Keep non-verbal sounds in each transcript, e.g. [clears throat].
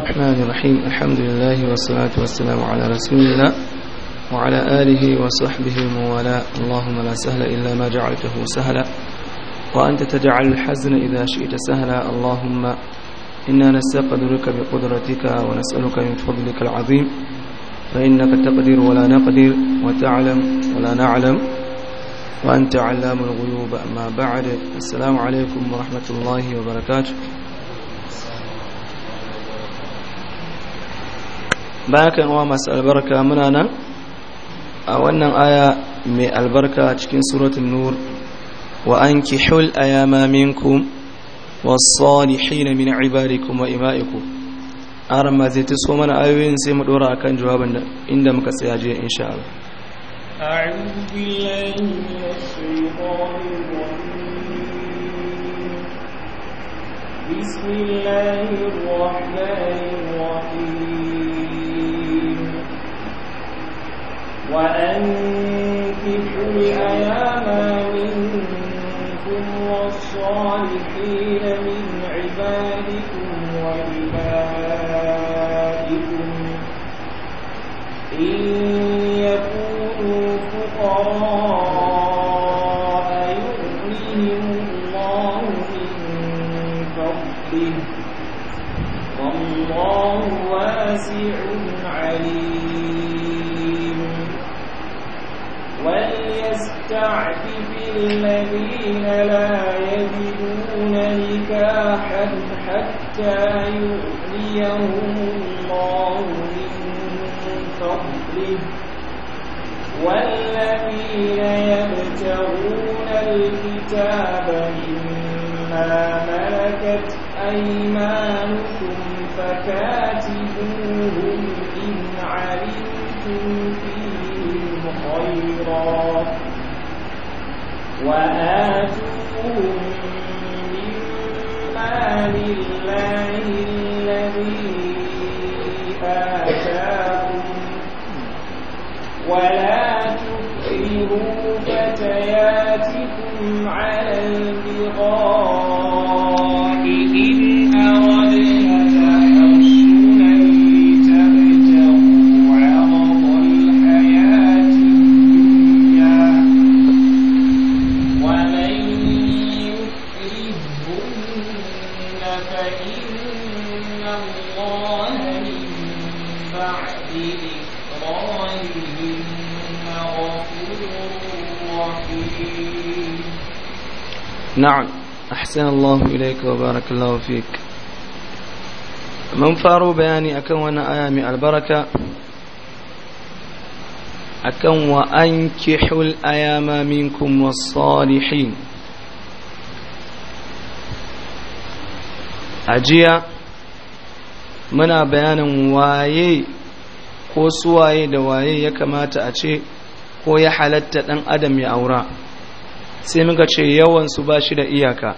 الرحمن الرحيم الحمد لله والصلاة والسلام على رسول الله وعلى آله وصحبه الموالاة اللهم لا سهل إلا ما جعلته سهلا وأنت تجعل الحزن إذا شئت سهلا اللهم إنا نستقدرك بقدرتك ونسألك من فضلك العظيم فإنك تقدر ولا نقدر وتعلم ولا نعلم وأنت علام الغيوب أما بعد السلام عليكم ورحمة الله وبركاته bayan wa masu albarka muna nan a wannan aya mai albarka cikin suratun nur wa an ki hul ayama minkum was-salihin min kuma wa imaikum arma zai so mana ayoyin sai mu dora akan jawabin da inda muka tsaya jiya insha Allah a'udhu billahi minash shaitanir rajim وأنكحوا الأيام منكم والصالحين من عبادكم وإبائكم إن يكونوا فقراء يعفف الذين لا يجدون نكاحا حتى يؤذيهم الله من فضله والذين يبتغون الكتاب مما ملكت أيمانكم فكاتبوهم إن علمتم فيهم خيرا وآتوهم مما لله الذي آتاكم ولا تكرهوا فتياتكم على البغاء إن na'am ahsan Allah mun faro bayani akan wannan aya mai albaraka akan wa ankihul ayama minkum was-salihin ajiya muna bayanin waye ko waye da waye ya kamata a ce ko ya halatta ɗan adam ya aura sai muka ce yawansu ba shi da iyaka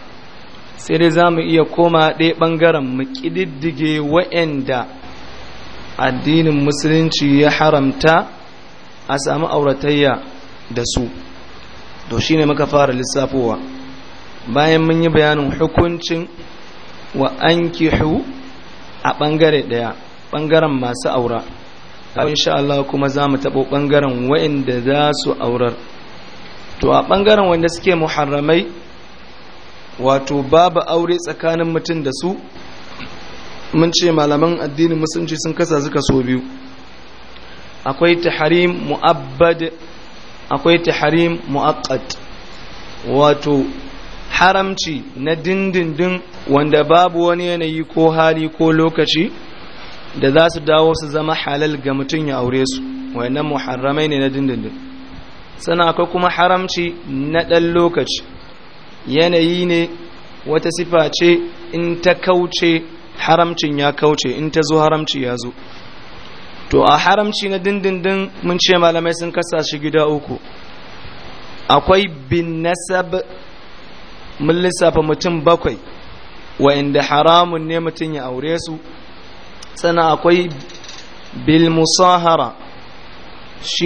sai dai za mu iya koma ɗaya ɓangaren mu ƙididdige wa'anda addinin musulunci ya haramta a samu auratayya da su to shi ne muka fara lissafowa bayan mun yi bayanin hukuncin wa an a ɓangare ɗaya ɓangaren masu aura insha Allah kuma za mu taɓo ɓangaren wa'inda za su aurar to a ɓangaren wanda suke muharramai wato babu aure tsakanin mutum da su mun ce malaman addinin musulunci sun kasa suka so biyu akwai taharim mu'abbad akwai taharim mu'aqqat wato haramci na dindindin wanda babu wani yanayi ko hali ko lokaci da za su dawo su zama halal ga mutum ya aure su wayannan muharramai ne na dindindin sana akwai kuma haramci na ɗan lokaci yanayi ne wata sifa ce in ta kauce haramcin ya kauce in ta zo haramci ya zo to a haramci na dindindin mun ce malamai sun kasa shi gida uku akwai bin nasab mun lissafa mutum bakwai wa'inda haramun ne mutum ya aure su sannan akwai bil musahara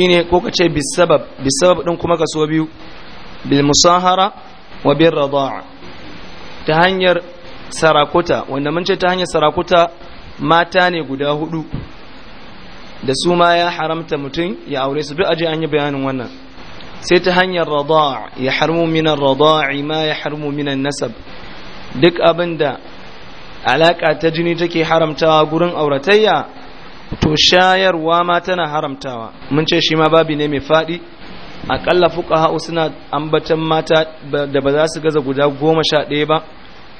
ne ko ka ce bisabab bisabab din kuma kaso biyu bil musahara wa bil rada'a ta hanyar sarakuta wanda mun ce ta hanyar sarakuta mata ne guda hudu da su ma ya haramta mutum ya aure su duk aje an yi bayanin wannan sai ta hanyar rada'a ya harmu minan rada'i ma ya harmu minan nasab duk abinda alaƙa ta jini take haramtawa gurin auratayya to shayarwa ma tana haramtawa mun ce shi ma babi ne mai faɗi aƙalla fuqaha'u suna ambatan mata da ba za su gaza guda goma sha ɗaya ba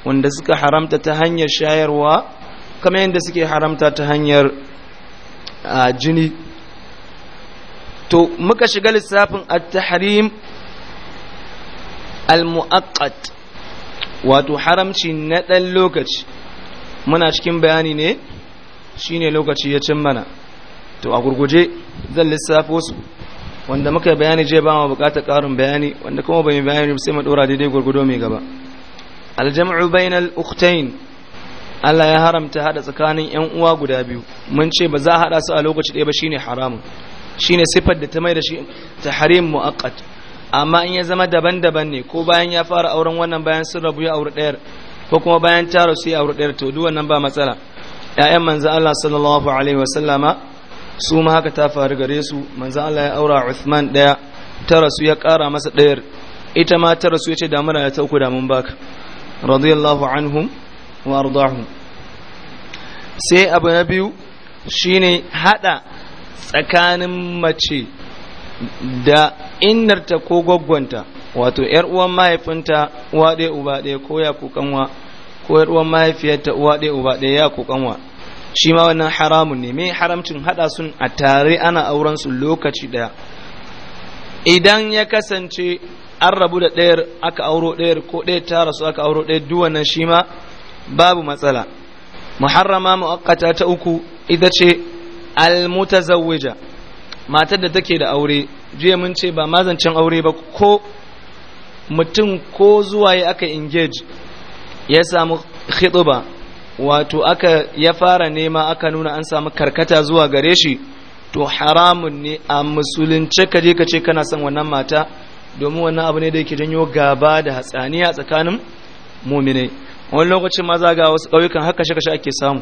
wanda suka haramta ta hanyar shayarwa kamar yadda suke haramta ta hanyar jini to muka shiga lissafin at-tahrim al-mu'aqqat wato haramci na ɗan lokaci muna cikin bayani ne shine lokaci ya cin mana to a gurguje zan lissafo su wanda muka bayani je ba mu bukatar karin bayani wanda kuma bai bayani sai mu dora daidai gurgudo mai gaba aljam'u bainal ukhtain Allah ya haramta hada tsakanin yan uwa guda biyu mun ce ba za a hada su a lokaci ɗaya ba shine haramun shine sifar da ta mai da shi tahrim muaqqat amma in ya zama daban-daban ne ko bayan ya fara auren wannan bayan sun rabu ya aure ɗayar ko kuma bayan ta rasu ya aure ɗayar to duk wannan ba matsala ƴaƴan manzo Allah sallallahu alaihi wasallama su ma haka ta faru gare su manzo Allah ya aura Uthman ɗaya ta rasu ya ƙara masa ɗayar ita ma ta rasu yace da damuna ya tauku da mun baka radiyallahu anhum wa ardahum sai abu na biyu shine hada tsakanin mace da innarta ko gwaggwanta wato ‘yar uwan mahaifinta uwa ɗaya uba ɗaya ko ya kukanwa ko ‘yar uwan mahaifiyarta uwa ɗaya uba ɗaya ya kukanwa shi ma wannan haramun ne mai haramcin haɗa sun a tare ana auren su lokaci ɗaya idan ya kasance an rabu da ɗayar aka auro ɗayar ko ɗaya ta rasu aka auro ɗaya duk wannan shi ma babu matsala muharrama mu'akkata ta uku ita ce almutazawwija matar da take da aure jiya mun ce ba mazancin aure ba ko mutum ko zuwa ya aka engage ya samu khitba wato aka ya fara nema aka nuna an samu karkata zuwa gare shi to haramun ne a musulunce ka je ka ce kana son wannan mata domin wannan abu ne da yake janyo gaba da hatsaniya tsakanin muminai wani lokacin ma za ga wasu ƙauyukan haka kashe-kashe ake samu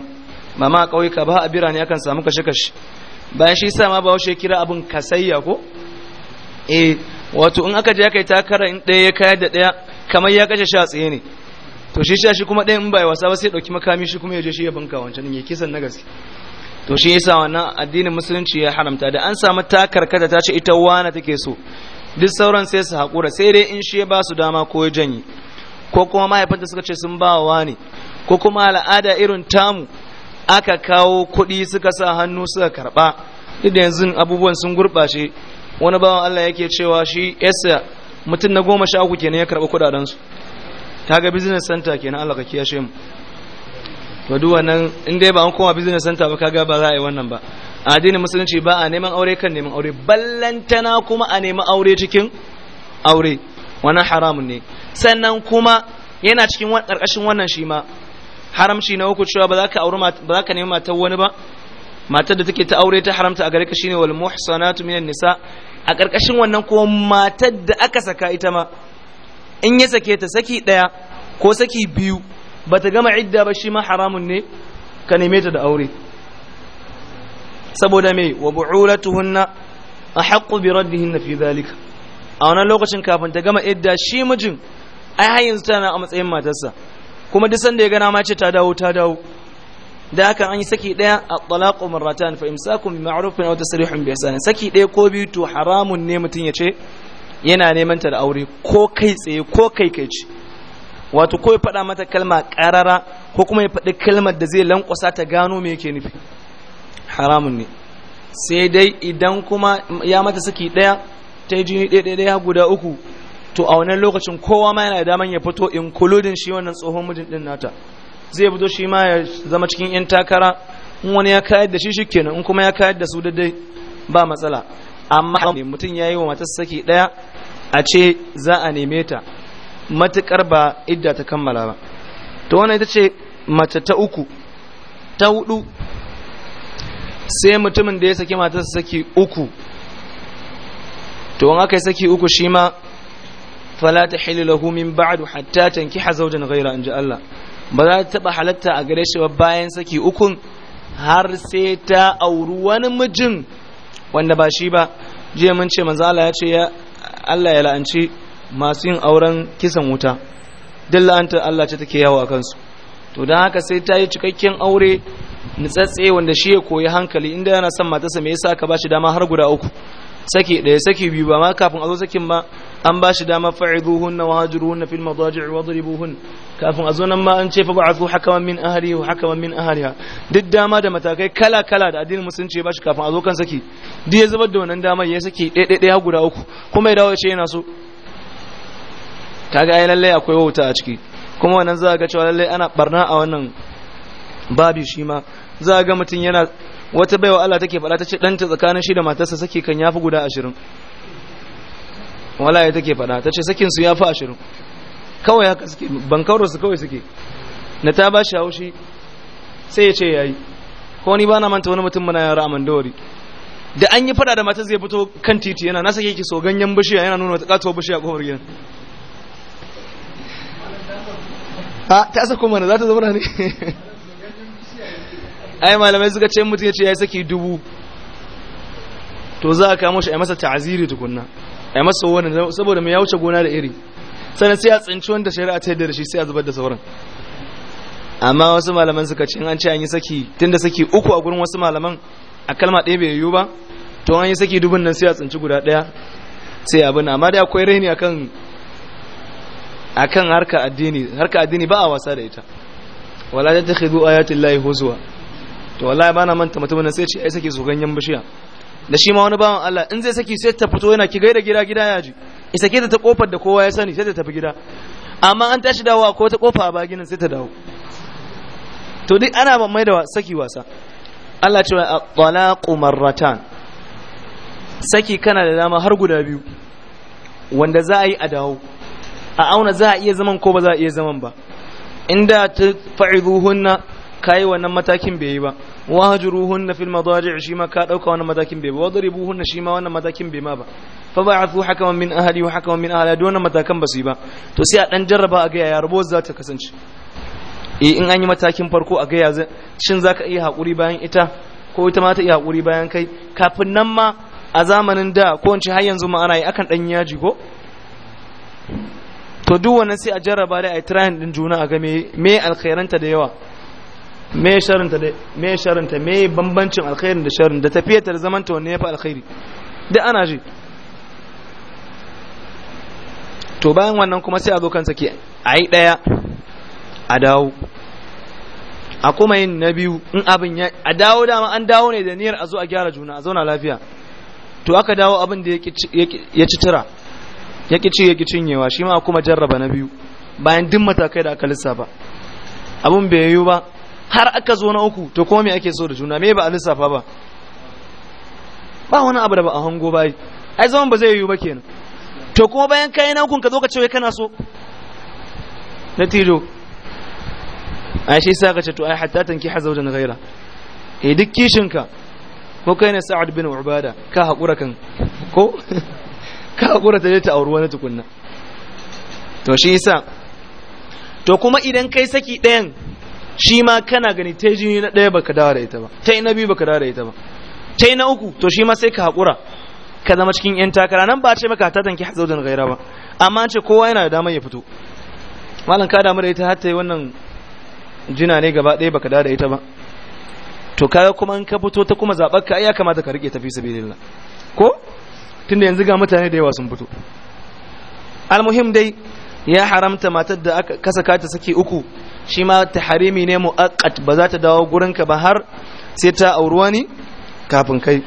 ba ma ƙauyuka ba a birane akan samu kashe-kashe bayan shi sa ma ba wasu kira abin kasayya ko eh wato in aka je aka yi takara in ɗaya ya kayar da ɗaya kamar ya kashe sha tsaye ne to shi sha shi kuma ɗaya in bai wasa ba sai ɗauki makami shi kuma ya je shi ya banka wancan ya kisan na gaske to shi yasa wannan addinin musulunci ya haramta da an samu takarkata ta ce ita wana take so duk sauran sai su haƙura sai dai in shi ya ba su dama ko ya janye ko kuma mahaifinta suka ce sun ba wa ne ko kuma al'ada irin tamu aka kawo kuɗi suka sa hannu suka karɓa duk da yanzu abubuwan sun gurɓace wani bawan Allah yake cewa shi yasa mutum na goma sha uku kenan ya karɓi kuɗaɗensu ta ga business center kenan Allah ka kiyashe mu to duk wannan in dai ba an koma business center ba kaga ba za a yi wannan ba a addinin musulunci ba a neman aure kan neman aure ballantana kuma a nemi aure cikin aure wannan haramun ne sannan kuma yana cikin karkashin wannan shi ma haramci na uku cewa ba za ka aure ba za ka nemi matar wani ba matar da take ta aure ta haramta a gare ka shine wal muhsanatu minan nisa a karkashin wannan ko matar da aka saka ita ma in ya sake ta saki ɗaya ko saki biyu ba ta gama idda ba shi ma haramun ne ka neme ta da aure saboda me wa bu'ulatuhunna ahqqu bi raddihinna fi dhalika a wannan lokacin kafin ta gama idda shi mijin ai har yanzu tana a matsayin matarsa kuma duk sanda ya gana ma ce ta dawo ta dawo da haka an yi saki daya a talaqu marratan fa imsakum bi ma'rufin aw tasrih bi ihsan saki daya ko biyu to haramun ne mutun ya ce yana neman ta da aure ko kai tsaye ko kai kai ce wato ko ya faɗa mata kalma karara ko kuma ya faɗi kalmar da zai lankwasa ta gano me yake nufi haramun ne sai dai idan kuma ya mata saki daya ta jini ɗaya guda uku to a wannan lokacin kowa ma yana da daman ya fito including shi wannan tsohon mijin din nata zai fito shi ma ya zama cikin 'yan takara in wani ya kayar da shi shi kenan in kuma ya kayar da su daidai ba matsala amma mutum ya yi wa matar saki ɗaya a ce za a neme ta matuƙar ba idda ta kammala ba to wannan ita ce mace ta uku ta hudu sai mutumin da ya saki matarsa saki uku to in aka yi saki uku shi ma fala ta hililahu min ba'du hatta tankiha zawjan ghaira in ji Allah ba za ta taɓa halatta a gare shi ba bayan saki ukun har sai ta auri wani mijin wanda ba shi ba jiya mun ce manzo Allah ya ce ya Allah ya la'anci masu yin auren kisan wuta duk la'anta Allah ce take yawo a kansu to dan haka sai ta yi cikakken aure nutsatse wanda shi ya koyi hankali inda yana son matarsa me yasa ka ba shi dama har guda uku saki ɗaya saki biyu ba ma kafin a zo sakin ba an ba shi dama fa'iduhunna wa filma fil madaji'i wa duribuhun kafin a zo nan ma an ce fa ba'athu hakaman min ahlihi wa hakaman min ahliha duk dama da matakai kala kala da addinin musulunci ba shi kafin a zo kan saki duk ya zubar da wannan dama ya saki ɗaya ɗaya guda uku kuma ya dawo ya ce yana so kaga ai lalle akwai wauta a ciki kuma wannan za ga cewa lalle ana barna a wannan babi shi ma za ga mutum yana wata baiwa Allah take faɗa ta ce ɗanta tsakanin shi da matarsa saki kan yafi guda 20 wallahi take faɗa tace sakin su yafi ashirin kawai haka suke bankauro su kawai suke na ta ba shi haushi sai ya ce yayi ko ni ba na manta wani mutum muna yara a mandawari da an yi faɗa da matar zai fito kan titi yana na sake ki so ganyen bishiya yana nuna wata katuwar bishiya kofar gidan a ta asa kuma na za ta zama ne [laughs] ai malamai suka ce mutum ya ce ya yi saki dubu to za a kamo shi a masa ta'aziri tukunna a masa wani saboda mai ya wuce gona da iri sannan sai a tsinci wanda shari'a ta yadda da shi sai a zubar da sauran amma wasu malaman suka ce an ce an yi saki tun da saki uku a gurin wasu malaman a kalma ɗaya bai yiwu ba to an yi saki dubun nan sai a tsinci guda ɗaya sai abin amma dai akwai raini akan akan harka addini harka addini ba a wasa da ita wala ta takhidhu ayati llahi huzwa to wallahi bana manta mutumin sai ce ai saki su bishiya da shi ma wani bawan Allah in zai saki sai ta fito yana ki gaida gida gida ya ji isa ke ta kofar da kowa ya sani sai ta tafi gida amma an tashi dawowa ko ta kofa a baginin sai ta dawo to duk ana ban mai da saki wasa Allah ce wa talaqu marratan saki kana da dama har guda biyu wanda za a yi a dawo a auna za a iya zaman ko ba za a iya zaman ba inda ta fa'iduhunna kai wannan matakin bai yi ba wa wahjuruhunna fil madaji' shi ma ka dauka wannan matakin bai ba wadribuhunna shi ma wannan matakin bai ma ba fa ba'athu hakaman min ahli wa hakaman min ahli don matakan ba su yi ba to sai a dan jarraba a ga ya rabo za ta kasance eh in an yi matakin farko a ga ya shin zaka iya hakuri bayan ita ko ita ma ta iya hakuri bayan kai kafin nan ma a zamanin da ko in har yanzu ma ana yi akan dan yaji ko to duk wannan sai a jarraba dai a yi trying din juna a ga me me alkhairanta da yawa me sharinta da me sharinta me bambancin alkhairin da sharin da tafiyar ta zaman ta wanne yafi alkhairi Da ana ji to bayan wannan kuma sai a zo kansa ke yi daya a dawo a kuma yin na biyu in abin ya a dawo dama an dawo ne da niyyar a zo a gyara juna a zauna lafiya to aka dawo abin da ya ci tira ya ki ci ya ki cinyewa shi ma kuma jarraba na biyu bayan duk matakai da aka lissafa abin bai yiwu ba har aka zo na uku to kuma me ake so da juna me ba a lissafa ba ba wani abu da ba a hango bai. ai zaman ba zai yiwu ba kenan to kuma bayan kai na uku ka zo ka ce kana so na tijo ai shi sa ka ce to ai hatta tanki hazaudan ghaira eh duk kishin ka ko kai ne sa'ad bin ubada ka hakura kan ko [laughs] ka hakura ta je ta auri wani tukunna to shi yasa to kuma idan kai saki ɗayan shi ma kana gani ta jini na ɗaya baka dawo da ita ba ta yi na biyu baka dawo da ita ba ta yi na uku to shi ma sai ka haƙura ka zama cikin yan takara nan ba ce maka tatanki tanki hazaudin gaira ba amma ce kowa yana da damar ya fito malam ka damu da ita har ta yi wannan jina ne gaba ɗaya baka dawo da ita ba to kaga kuma in ka fito ta kuma zaɓar ka ya kamata ka riƙe tafi sabilillah ko tunda yanzu ga mutane da yawa sun fito almuhim dai ya haramta matar da aka kasa ta saki uku shi ma taharimi ne mu'akkat ba za ta dawo gurinka ba har sai ta auri wani kafin kai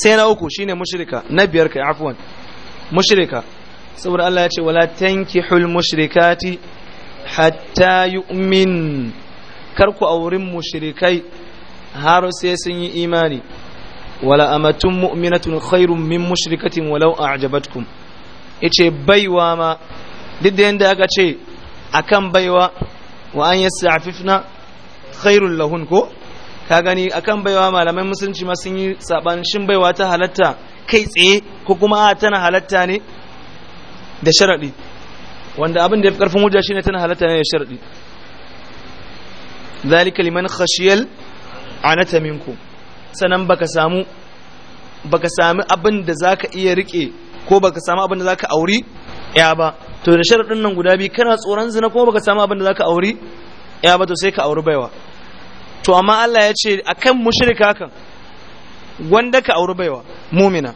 sai na uku shine mushrika na biyar kai afwan mushrika saboda Allah ya ce wala tankihul mushrikati hatta yu'min kar ku wurin mushrikai har sai sun yi imani wala amatun mu'minatun khairun min mushrikatin walau a'jabatkum yace baiwa ma duk da yanda aka ce akan baiwa wa an yasta'fifna khairul lahun ko ka gani akan baiwa malaman musulunci ma sun yi saban shin baiwa ta halatta kai tsaye ko kuma a tana halatta ne da sharadi wanda abin da yafi karfin hujja shine tana halatta ne da sharadi zalika liman khashiyal anata minku sanan baka samu baka sami abin da zaka iya rike ko baka samu abin da zaka auri ya ba to da sharadin nan guda biyu kana tsoron zina kuma baka samu abin da zaka auri ya ba to sai ka auri baiwa to amma Allah ya ce akan mushrika kan wanda ka auri baiwa mumina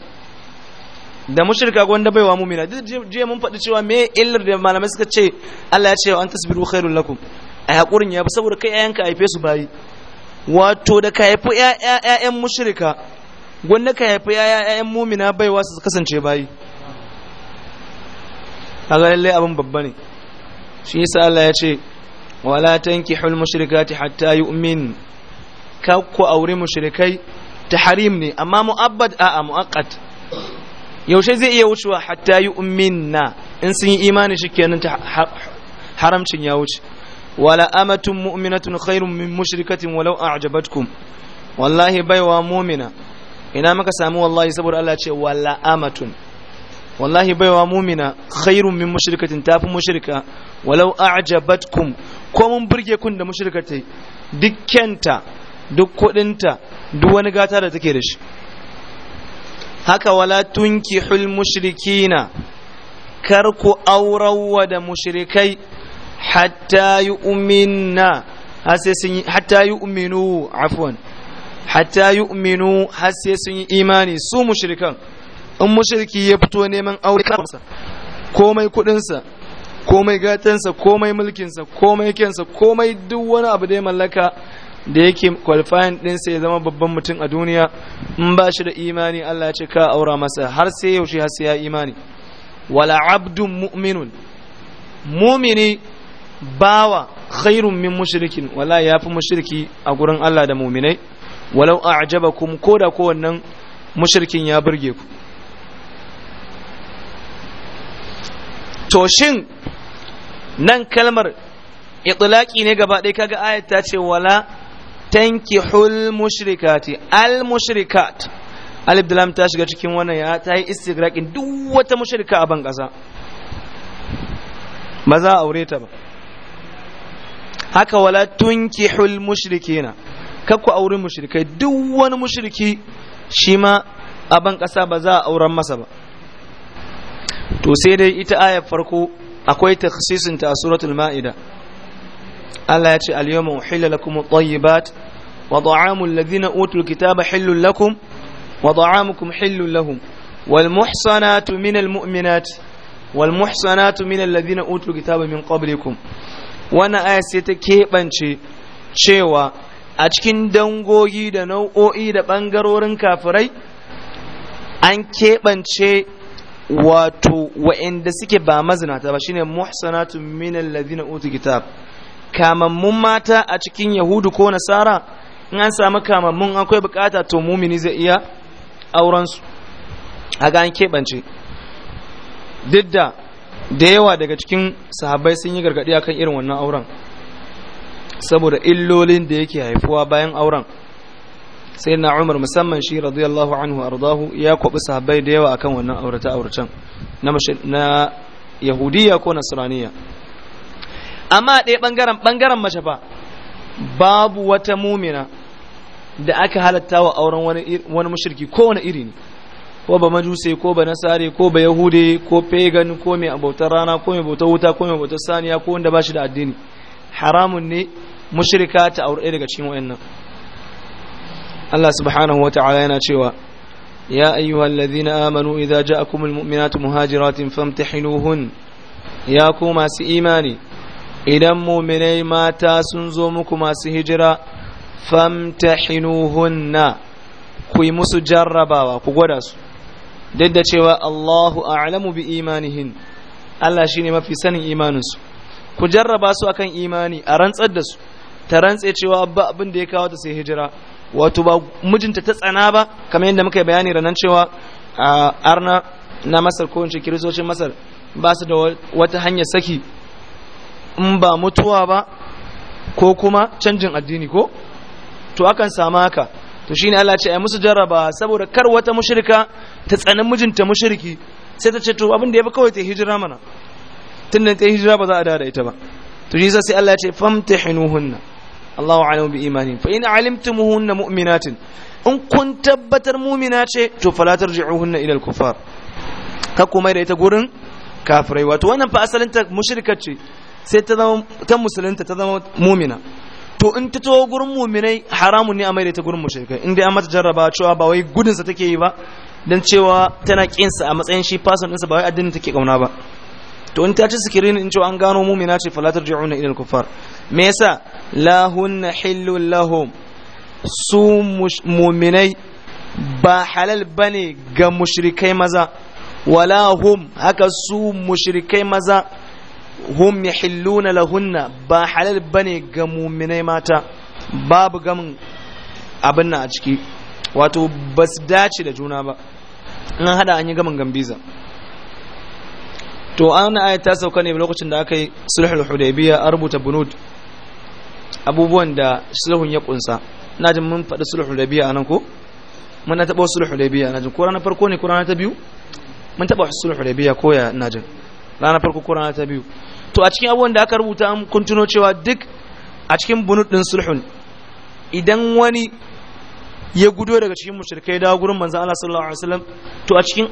da mushrika wanda baiwa mumina duk jiya mun faɗi cewa me illar da malamai suka ce Allah ya ce an tasbiru khairul lakum a hakurin ya saboda kai yayanka haife su bayi wato da ka haifi ƴaƴan mushrika wanda ka haifi ƴaƴan mumina baiwa su kasance bayi kaga lalle abin babba ne shi yasa Allah ya ce wala tankihul mushrikati hatta yu'min ku aure mushrikai tahrim ne amma mu'abbad a mu'aqqat yaushe zai iya wucewa hatta yu'minna in sun yi imani shikenan ta haramcin ya wuce wala amatun mu'minatun khairun min mushrikatin walau a'jabatkum wallahi baiwa mu'mina ina muka samu wallahi saboda Allah ya ce wala amatun wallahi baiwa mumina khairun min mushrikatin tafi mushrika walau a'jabatkum ko mun burge kun da mushrikatai dukkanta duk kudinta duk wani gata da take da shi haka wala tunkihul mushrikina kar ku aurawa da mushrikai hatta yu'minna hatta yu'minu afwan hatta yu'minu sun yi imani su mushrikan in mushirki ya fito neman aure kansa komai kudinsa komai gatansa komai mulkinsa komai kensa komai duk wani abu da ya mallaka da yake qualifying ɗinsa ya zama babban mutum a duniya in ba shi da imani Allah ya ce ka aura masa har sai yaushe har sai ya imani wala abdun mu'minun mumini bawa khairun min mushrikin wala yafi mushriki a gurin Allah da muminai walau a'jabakum koda ko wannan mushrikin ya burge ku to shin nan kalmar itilaki ne gaba ɗaya kaga ayat ta ce wala tanki hul mushrikati al mushrikat alif dalam ta shiga cikin wannan ya ta yi istigraqin duk wata mushrika a ban ƙasa ba za a aure ta ba haka wala mushriki mushrikina kakku aure mushrikai duk wani mushriki shi ma a ban ƙasa ba za a auren masa ba to sai dai ita ayar farko akwai takhsisin ta suratul ma'ida Allah ya ce al-yawma uhilla lakum at-tayyibat wa ta'amu alladhina utul kitaba hillun lakum wa ta'amukum hillun lahum wal muhsanatu minal mu'minat wal muhsanatu minal ladhina utul kitaba min qablikum wannan aya sai ta keɓance cewa a cikin dangogi da nau'o'i da bangarorin kafirai an keɓance wato wa'inda suke ba mazinata ba shine muhsanatun min alladhina utu kitab kamammun mata a cikin yahudu ko nasara in an samu kamammun akwai bukata to mumini zai iya auren su ga an keɓance duk da yawa daga cikin sahabbai sun yi gargaɗi akan irin wannan auren saboda illolin da yake haifuwa bayan auren sai na umar musamman shi radiyallahu anhu ardahu ya kwabi sahabbai da yawa akan wannan aurata auratan na yahudiya ko nasraniya amma ɗaya bangaren ɓangaren mace fa babu wata mumina da aka halatta wa auren wani mashirki wani iri ne ko ba majuse ko ba nasare ko ba yahude ko pagan ko mai abautar rana ko mai bautar wuta ko mai bautar saniya ko wanda ba shi da addini haramun ne mushrika ta aure daga cikin wayannan Allah subhanahu wa ta'ala yana cewa ya ayyuhal ladhina amanu idza ja'akumul mu'minatu muhajiratin famtahinuhun ya ku masu imani idan mu'minai mata sun zo muku masu hijira famtahinuhunna ku yi musu jarrabawa ku gwada su duk da cewa Allahu a'lamu bi imanihin Allah shine mafi sanin imaninsu ku jarraba su akan imani a rantsar da su ta rantse cewa abba abin da ya kawo ta sai hijira wato ba mijinta ta tsana ba kamar yadda muka bayani ranar cewa a arna na masar ko ince kiristocin masar ba su da wata hanya saki in ba mutuwa ba ko kuma canjin addini ko to akan samu haka to shine Allah ce ai musu jarraba saboda kar wata mushrika ta tsanin mijinta mushriki sai ta ce to abin da yafi kawai ta hijira mana tunda ta hijira ba za a da ita ba to shi sai Allah ya ce famtahinuhunna Allahu a'lamu bi imani fa in alimtumuhunna mu'minatin in kun tabbatar mu'mina ce to fala tarji'uhunna ila al-kuffar ka kuma da ita gurin kafirai wato wannan fa asalin ta mushrika ce sai ta zama ta musulunta ta zama mu'mina to in ta tawo gurin mu'minai haramun ne a mai da ita gurin mushrikai in dai an mata jarraba cewa ba wai gudunsa take yi ba dan cewa tana kinsa a matsayin shi fasan ɗinsa ba wai addinin take kauna ba to in ta ci sikirin in ce an gano mumina ce falatar ji'una ilal kufar me yasa lahunna hillul lahum su muminai ba halal bane ga mushrikai maza wala hum haka su mushrikai maza hum yahilluna lahunna ba halal bane ga muminai mata babu gamin abin nan a ciki wato ba su dace da juna ba in hada an yi gamin gambiza to an ayat ta sauka ne lokacin da aka yi sulhul hudaybiya a rubuta bunud abubuwan da sulhun ya kunsa na jin mun faɗi sulhul hudaybiya anan ko mun taɓa sulhul hudaybiya na jin ko ranar farko ne ko ranar ta biyu mun taɓa sulhul hudaybiya ko ya na jin ranar farko ko ranar ta biyu to a cikin abubuwan da aka rubuta an kun cewa duk a cikin bunud din sulhun idan wani ya gudo daga cikin mushrikai da gurin manzo Allah sallallahu alaihi wasallam to a cikin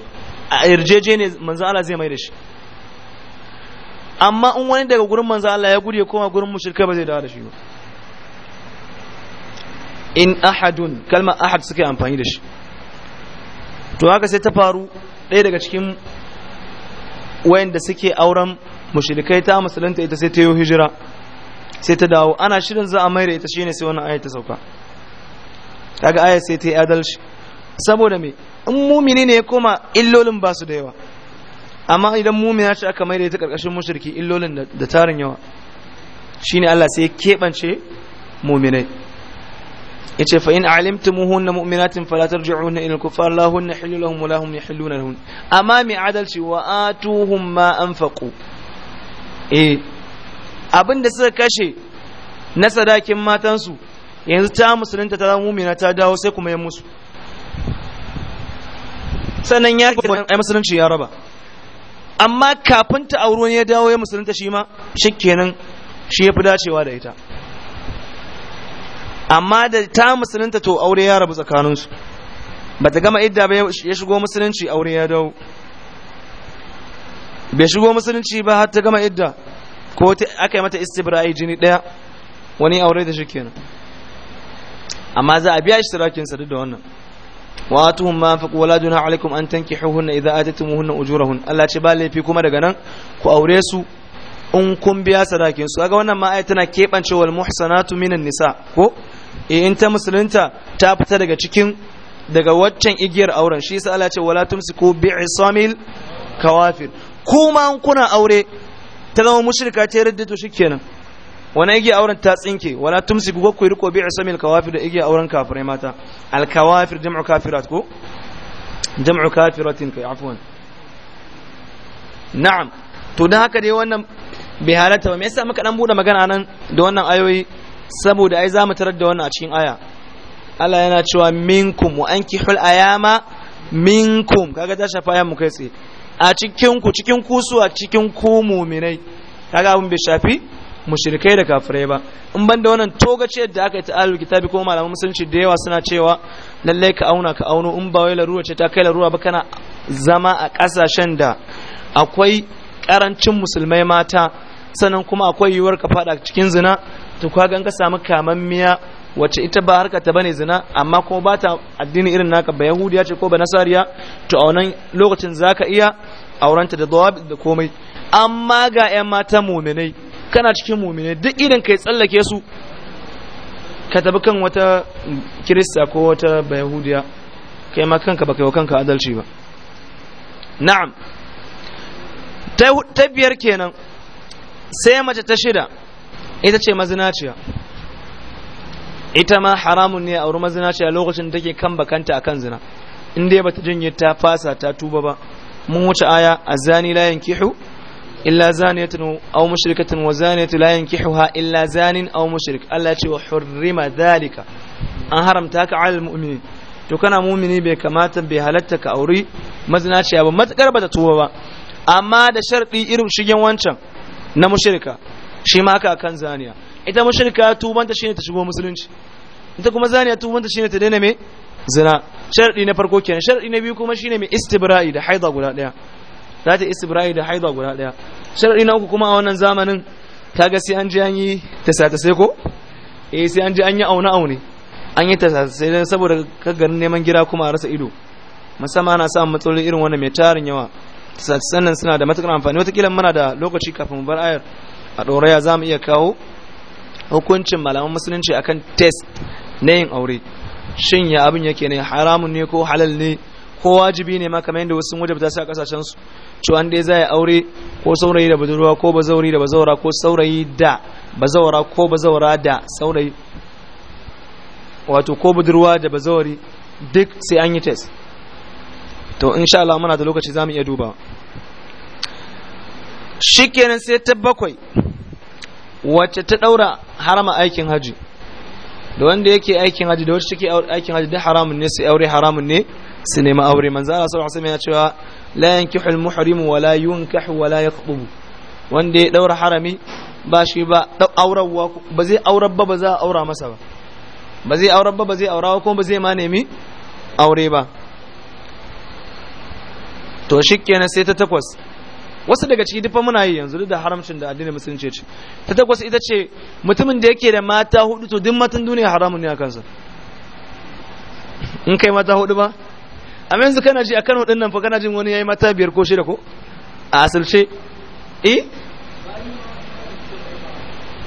a yarjeje ne manzo Allah zai mai da shi amma in wani daga gurin manzo Allah ya gudu ya koma gurin mushrikai ba zai dawo da shi ba in ahadun kalma ahad suka yi amfani da shi to haka sai ta faru ɗaya daga cikin wayanda suke auren mushrikai ta musulunta ita sai ta yi hijira sai ta dawo ana shirin za a mai da ita shine sai wannan ayat ta sauka kaga ayat sai ta yi adalci saboda me in mumini ne ya koma illolin ba su da yawa amma idan mumina ce aka maida ita karkashin mushriki illolin da tarin yawa shine Allah sai ya kebance muminai yace fa in alimtumuhunna mu'minatin fala tarji'uhunna ila al-kuffar la hunna hillu lahum wa lahum yahilluna lahun amma mi adalci wa atuhum ma anfaqu eh abinda suka kashe na sadakin matansu yanzu ta musulunta ta mumina ta dawo sai kuma ya musu sannan ya musulunci ya raba amma kafin ta auri wani ya dawo ya musulunta shi ma shi kenan shi ya fi dacewa da ita amma da ta musulunta to aure ya rabu tsakaninsu ba ta gama idda ba ya shigo musulunci aure ya dawo bai shigo musulunci ba har ta gama idda ko aka yi mata istibra'i jini ɗaya wani aure da shi kenan amma za a biya shi sarakinsa duk da wannan واتهم ما انفقوا ولا جناح عليكم ان تنكحوهن اذا اتيتموهن اجورهن Allah ce ba laifi kuma daga nan ku aure su in kun biya sadakin su kaga wannan ma ai tana kebance wal muhsanatu minan nisa ko e in ta musulunta ta fita daga cikin daga waccan igiyar auren shi yasa Allah ce wala tumsiku isamil kawafir kuma in kuna aure ta zama mushrika ce riddatu shi shikenan wani igiya auren ta tsinke wala tumsi ku ku riko bi'a samil kawafir da igiya auren kafirai mata al kawafir jam'u kafirat ko jam'u kafiratin kai afwan na'am to dan haka dai wannan bai halatta ba me yasa muka dan bude magana nan da wannan ayoyi saboda ai zamu tarar da wannan a cikin aya Allah yana cewa minkum wa ankihul ayama minkum kaga ta shafa ayan mu kai tsaye a cikin ku cikin kusuwa su a cikin ku mu'minai kaga abun bai shafi mushrikai da kafirai ba in ban da wannan togace da aka yi ta alul kitabi ko malaman musulunci da yawa suna cewa lallai ka auna ka auno in ba wai laruwa ce ta kai laruwa ba kana zama a kasashen da akwai karancin musulmai mata sannan kuma akwai yiwuwar ka fada cikin zina to ka in ka samu kamammiya wacce ita ba harka ta bane zina amma kuma ba ta addini irin naka ba yahudiya ce ko ba nasariya to a wannan lokacin zaka iya aurenta da dawabi da komai amma ga 'yan mata muminai kana cikin mumine duk idan yi tsallake su ka tabi kan wata kirista ko wata bayahudiya kai ma kanka ba kai wa kanka adalci ba na'am ta biyar kenan sai mace ta shida ita ce mazinaciya ita ma haramun ne a wurin mazinaciya lokacin da take kan bakanta a kan zina in dai bata janye ta fasa ta tuba ba mun wuce aya a zani layan kihu illa zaniyatun aw mushrikatun wa zaniyatu la yankihuha illa zanin aw mushrik Allah ya ce wa hurrima dhalika an haramta ka alal mu'minin to kana mumini bai kamata bai halatta ka auri mazinaciya ba matakar ba ta tuba ba amma da sharɗi irin shigen wancan na mushrika shi ma haka kan zaniya ita mushrika tubanta shine ta shigo musulunci ita kuma zaniya tubanta shine ta daina me zina sharɗi na farko kenan sharɗi na biyu kuma shine mai istibra'i da haida guda ɗaya zata ta da haida guda daya sharadi na uku kuma a wannan zamanin kaga sai an ji an yi tasatase ko eh sai an ji an yi auna aune an yi tasatase dan saboda kaggarin neman gida kuma a rasa ido musamman ana samun matsaloli irin wannan mai tarin yawa tasasasen nan suna da matukar amfani watakila muna da lokaci kafin mu bar ayar a doraya za mu iya kawo hukuncin malaman musulunci akan test na yin aure shin ya abin yake ne haramun ne ko halal ne ko wajibi ne ma kamar yadda wasu wajabta su a kasashen su to an dai za ya aure ko saurayi da budurwa ko bazauri da bazaura ko saurayi da bazaura ko bazaura da saurayi wato ko budurwa da bazauri duk sai an yi test to insha Allah muna da lokaci zamu iya duba shikenan sai ta bakwai wacce ta daura harama aikin haji da wanda yake aikin haji da wacce take aikin haji da haramun ne sai aure haramun ne su nemi aure manzo Allah sallallahu alaihi wasallam ya cewa la yankihu al-muhrim wa la yunkahu wa la yakhdubu wanda ya daura harami ba shi ba aurawa ba zai aurar ba ba za a aura masa ba ba zai aurar ba ba zai aurawa ko ba zai ma nemi aure ba to shikenan sai ta takwas wasu daga ciki dufa muna yi yanzu duk da haramcin da addinin musulunci ce ta takwas ita ce mutumin da yake da mata hudu to duk matan duniya haramun ne a kansa in kai mata hudu ba a yanzu kana ji a Kano din nan fa kana jin wani yayi mata biyar ko shida ko a asirce eh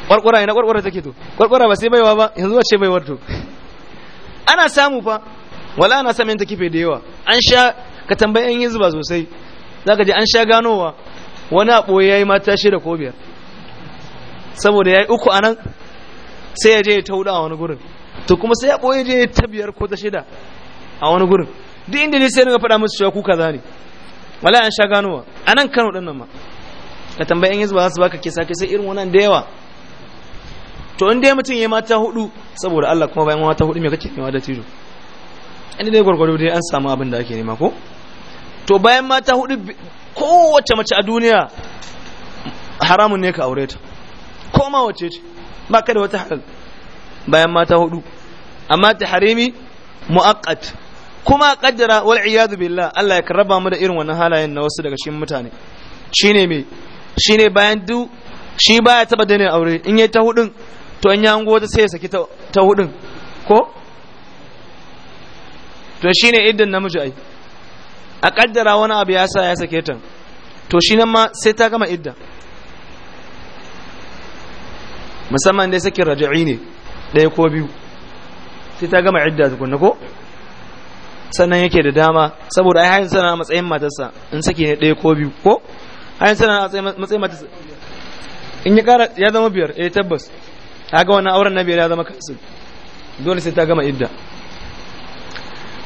kwarkwara ina kwarkwara take to kwarkwara ba sai baiwa ba yanzu wace baiwar to ana samu fa wala ana samun ta kife da yawa an sha ka tambayi yan zuba sosai zaka ji an sha ganowa wani a ya yi mata shida ko biyar saboda ya yi uku a nan sai ya je ya tauda a wani gurin to kuma sai ya ɓoye je ya ta biyar ko ta shida a wani gurin duk inda ne sai na faɗa musu cewa ku kaza ne wala an sha ganowa a nan kano ɗin nan ma ka tambayi yan hizba za su baka kisa kai sai irin wannan da yawa to in dai mutum ya mata hudu saboda Allah kuma bayan mata hudu me kake nema da tiro inda dai gwargwado dai an samu abin da ake nema ko to bayan mata hudu kowace mace a duniya haramun ne ka aure ta ko ma wace ce ba ka da wata halal bayan mata hudu amma ta harimi mu'aqqat kuma kaddara wal iyadu billah Allah ya karaba mu da irin wannan halayen na wasu daga cikin mutane shine me shine bayan du shi baya taba dane aure in yayi ta hudun to an yango ta sai ya saki ta hudun ko to shine iddan namiji ai a kaddara wani abu ya sa ya sake ta to shi nan ma sai ta gama idda musamman dai sakin raj'i ne ɗaya ko biyu sai ta gama idda tukunna ko sannan yake da dama saboda ai hayin sana matsayin matarsa in saki ne ɗaya ko biyu ko hayin sana matsayin matarsa in ya kara ya zama biyar eh tabbas kaga wannan auren na biyar ya zama kansu dole sai ta gama idda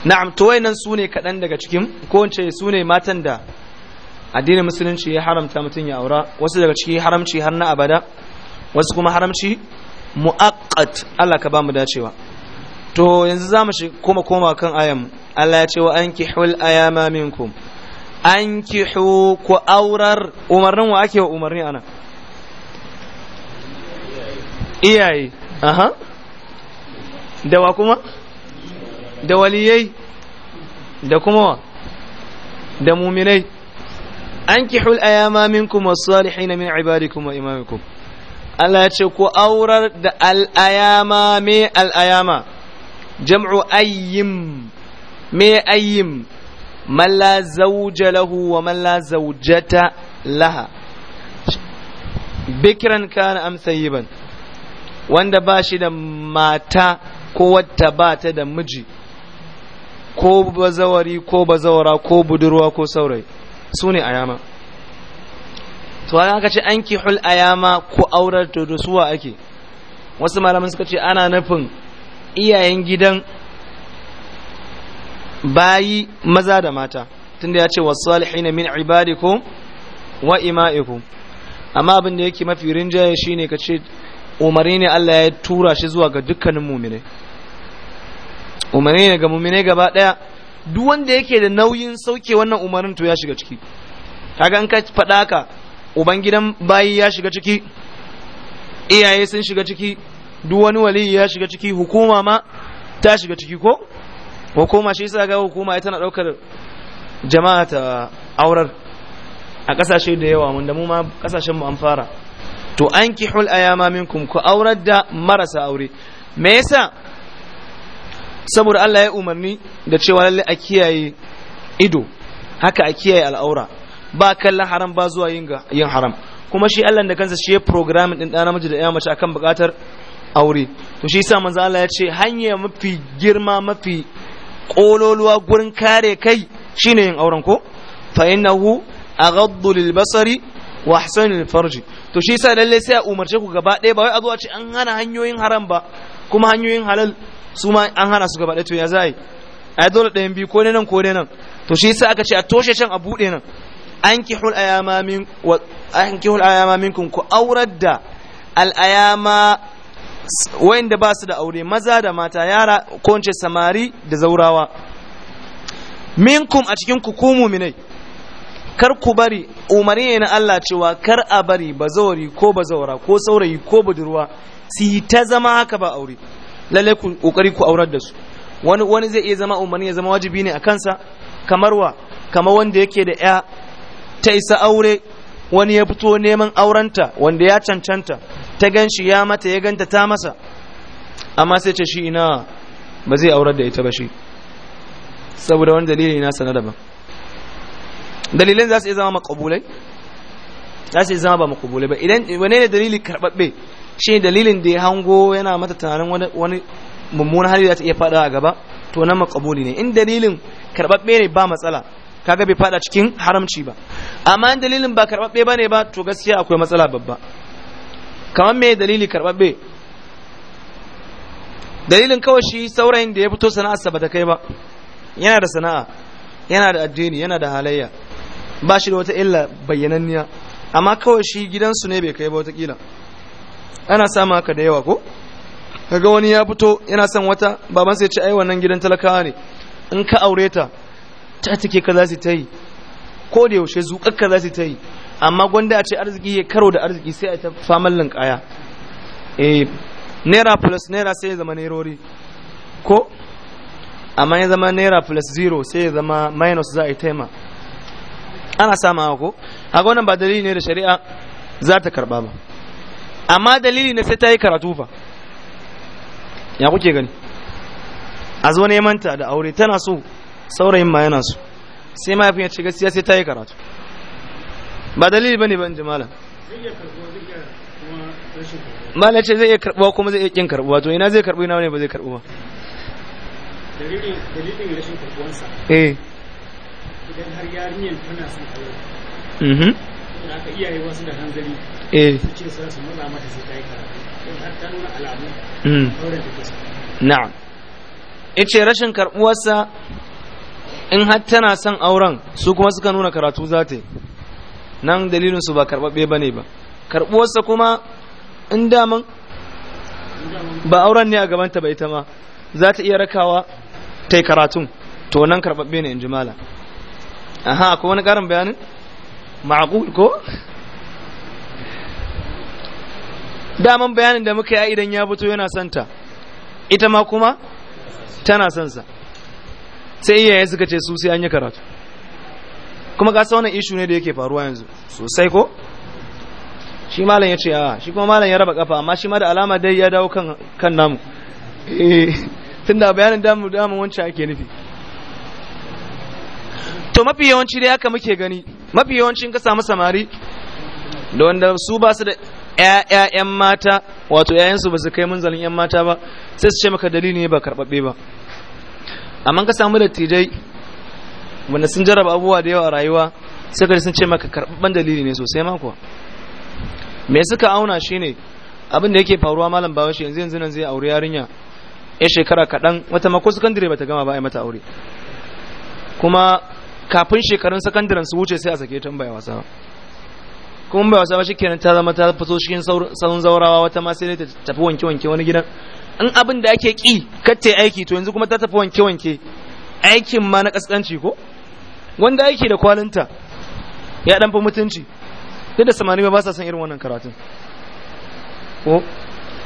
na'am to wayannan sune kaɗan daga cikin ko wace sune matan da addinin musulunci ya haramta mutum ya aura wasu daga ciki haramci har na abada wasu kuma haramci mu'aqqat Allah ka bamu dacewa to yanzu zamu shi koma koma kan ayan Allah ce wa ankihul ayama minkum ankihu ku aurar umarnin wa ake wa umarni ana iyaye aha da wa kuma da waliyai da kuma wa da muminai ankihul ayama minkum was-salihin min ibadikum wa imamikum Allah ce ku aurar da al'ayama me al'ayama jam'u ayyim me ayyim man la zauja lahu wa man la zaujata laha bikran kana am sayyiban wanda ba shi da mata ko wata ba ta da miji ko bazawari ko bazawara ko budurwa ko saurayi su ne ayama to ka ce an hul ayama ko aurar da suwa ake wasu malaman suka ce ana nufin iyayen gidan bayi maza da mata tunda ya ce wasalihin min ibadikum wa ima'ikum amma abin da yake mafi rinjaye shine ka ce umarni ne Allah ya tura shi zuwa ga dukkanin muminai umarni ne ga gaba daya duk wanda yake da nauyin sauke wannan umarnin to ya shiga ciki kaga an ka faɗa ka ubangidan bayi ya shiga ciki iyaye sun shiga ciki duk wani wali ya shiga ciki hukuma ma ta shiga ciki ko hukuma shi sa ga hukuma ita na daukar jama'a ta aurar a kasashe da yawa mun da mu ma kasashen mu an fara to ankihul ayama minkum ku aurar da marasa aure me yasa saboda Allah ya umarni da cewa lalle a kiyaye ido haka a kiyaye al'aura ba kallon haram ba zuwa yin haram kuma shi Allah da kansa shi ya programming din da namiji da ya mace akan bukatar aure to shi yasa manzo Allah ya ce hanya mafi girma mafi ƙololuwa gurin kare kai shine yin auren ko fa innahu aghaddu lil basari wa ahsanu lil farji to shi yasa lalle sai a umarce ku gaba ɗaya ba wai a zo a ce an hana hanyoyin haram ba kuma hanyoyin halal su ma an hana su gaba ɗaya to ya yi ai dole ɗaya biyu ko nan ko nan to shi yasa aka ce a toshe can a buɗe nan ankihul ayama min wa ankihul ayama minkum ku aurar da al ayama wayanda ba su da aure maza da mata yara ko ce samari da zaurawa minkum a cikin ku kumu kar ku bari umarni na Allah cewa kar a bari bazawari ko bazawara ko saurayi ko budurwa su yi ta zama haka ba aure lalle ku kokari ku aurar da su wani wani zai iya zama umarni ya zama wajibi ne a kansa kamar wa kamar wanda yake da ya ta isa aure wani ya fito neman aurenta wanda ya cancanta ta gan shi ya mata ya ganta ta masa amma sai ce shi ina ba zai aurar da ita ba shi saboda wani dalili na sana daban dalilin za su iya zama makabulai za su iya zama ba makabulai ba idan wane ne dalili karɓaɓɓe shi dalilin da ya hango yana mata tunanin wani mummunan hali za ta iya faɗa a gaba to nan makabuli ne in dalilin karɓaɓɓe ne ba matsala kaga bai fada cikin haramci ba amma in dalilin ba karbabbe ba ba to gaskiya akwai matsala babba kamar me dalili karbabbe dalilin kawai shi saurayin da ya fito sana'arsa ba ta kai ba yana da sana'a yana da addini yana da halayya ba shi da wata illa bayyananniya amma kawai shi gidansu ne bai kai ba watakila ana samun haka da yawa ko kaga wani ya fito yana son wata baban sai ya ce ai wannan gidan talakawa ne in ka aure ta ta take ka za su ta yi ko da yaushe zuƙakka za su ta yi amma gwanda a ce arziki ya karo da arziki sai a ta famar linkaya eh naira plus naira sai ya zama nairori ko amma ya zama naira plus zero sai ya zama minus za a yi taima ana sama ko a wannan ba dalili ne da shari'a za ta karba ba amma dalili ne sai ta yi karatu fa ya kuke gani a zo neman ta da aure tana so saurayin ma yana su? sai mahaifin ya ce gaskiya sai ta yi karatu ba dalili bane ban jimala mala ce zai iya karbuwa kuma zai iya kin karbuwa to ina zai karbu ina ne ba zai karbu ba dalilin eh. mhm. eh. hmm. rashin karbuwansa eh idan har yarinyar tana son aure mhm da aka iyaye wasu da hanzari eh su ce sai su maza mata sai ta yi karatu idan har ta nuna alamu auren da ke na'am yace rashin karbuwarsa in har tana son auren su kuma suka nuna karatu za ta yi nan dalilin su ba karɓaɓɓe ba ne ba karɓuwarsa kuma in daman ba auren ne a gabanta ba ita ma za ta iya rakawa ta yi karatun to nan karɓaɓɓe ne in ji mala aha ko wani ƙarin bayanin ma'aƙul ko daman bayanin da muka yi idan ya fito yana santa ita ma kuma tana sansa sai iyaye suka ce su sai an yi karatu kuma gasa wannan ishu ne da yake faruwa yanzu sosai ko shi malam ya ce a shi kuma malam ya raba kafa amma shi ma da alama dai ya dawo kan namu eh, tun da bayanin damu damu wancan ake nufi to mafi yawanci dai haka muke gani mafi yawancin ka samu samari da wanda su ba su da ‘ya'ya'yan mata wato ‘ya'yansu ba su kai munzalin ‘yan mata ba sai su ce maka dalili ne ba karɓaɓɓe ba amma ka samu dattijai wanda sun jarraba abubuwa da yawa a rayuwa sai ka sun ce maka karɓaɓɓen dalili ne sosai mako. me suka auna shine abin da yake faruwa malam bawa shi yanzu yanzu nan zai aure yarinya ya shekara kaɗan wata mako sakandire ba ta gama ba a mata aure kuma kafin shekarun sakandiren su wuce sai a sake tun baya bai wasa ba kuma bai wasa ba kenan ta zama ta fito cikin sauran zaurawa wata ma sai ta tafi wanke wanke wani gidan in abin da ake ki katte aiki to yanzu kuma ta tafi wanke wanke aikin ma na kaskanci ko wanda aiki da kwalinta ya dan mutunci duk da samani ba sa son irin wannan karatun ko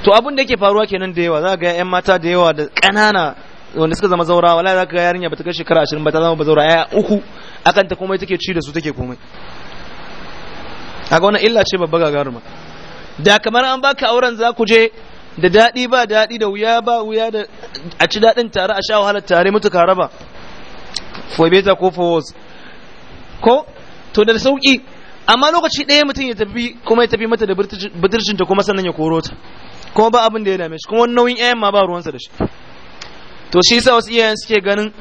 to abin da yake faruwa kenan da yawa za ga yan mata da yawa da ƙanana wanda suka zama zaura wala za ka ga yarinya ba ta kai shekara 20 ba ta zama ba zaura. ya uku akan ta komai take ci da su take komai a ga wannan illa ce babba garuma. da kamar an baka auren za ku je da daɗi ba daɗi da wuya ba wuya da a ci daɗin tare a sha wahalar tare mutu ka raba for better ko for worse ko to da sauƙi amma lokaci ɗaya mutum ya tafi kuma ya tafi mata da budurcin ta kuma sannan ya koro ta kuma ba abin da ya dame shi kuma nauyin ƴaƴan ma ba ruwansa da shi to shi yasa wasu iyayen suke ganin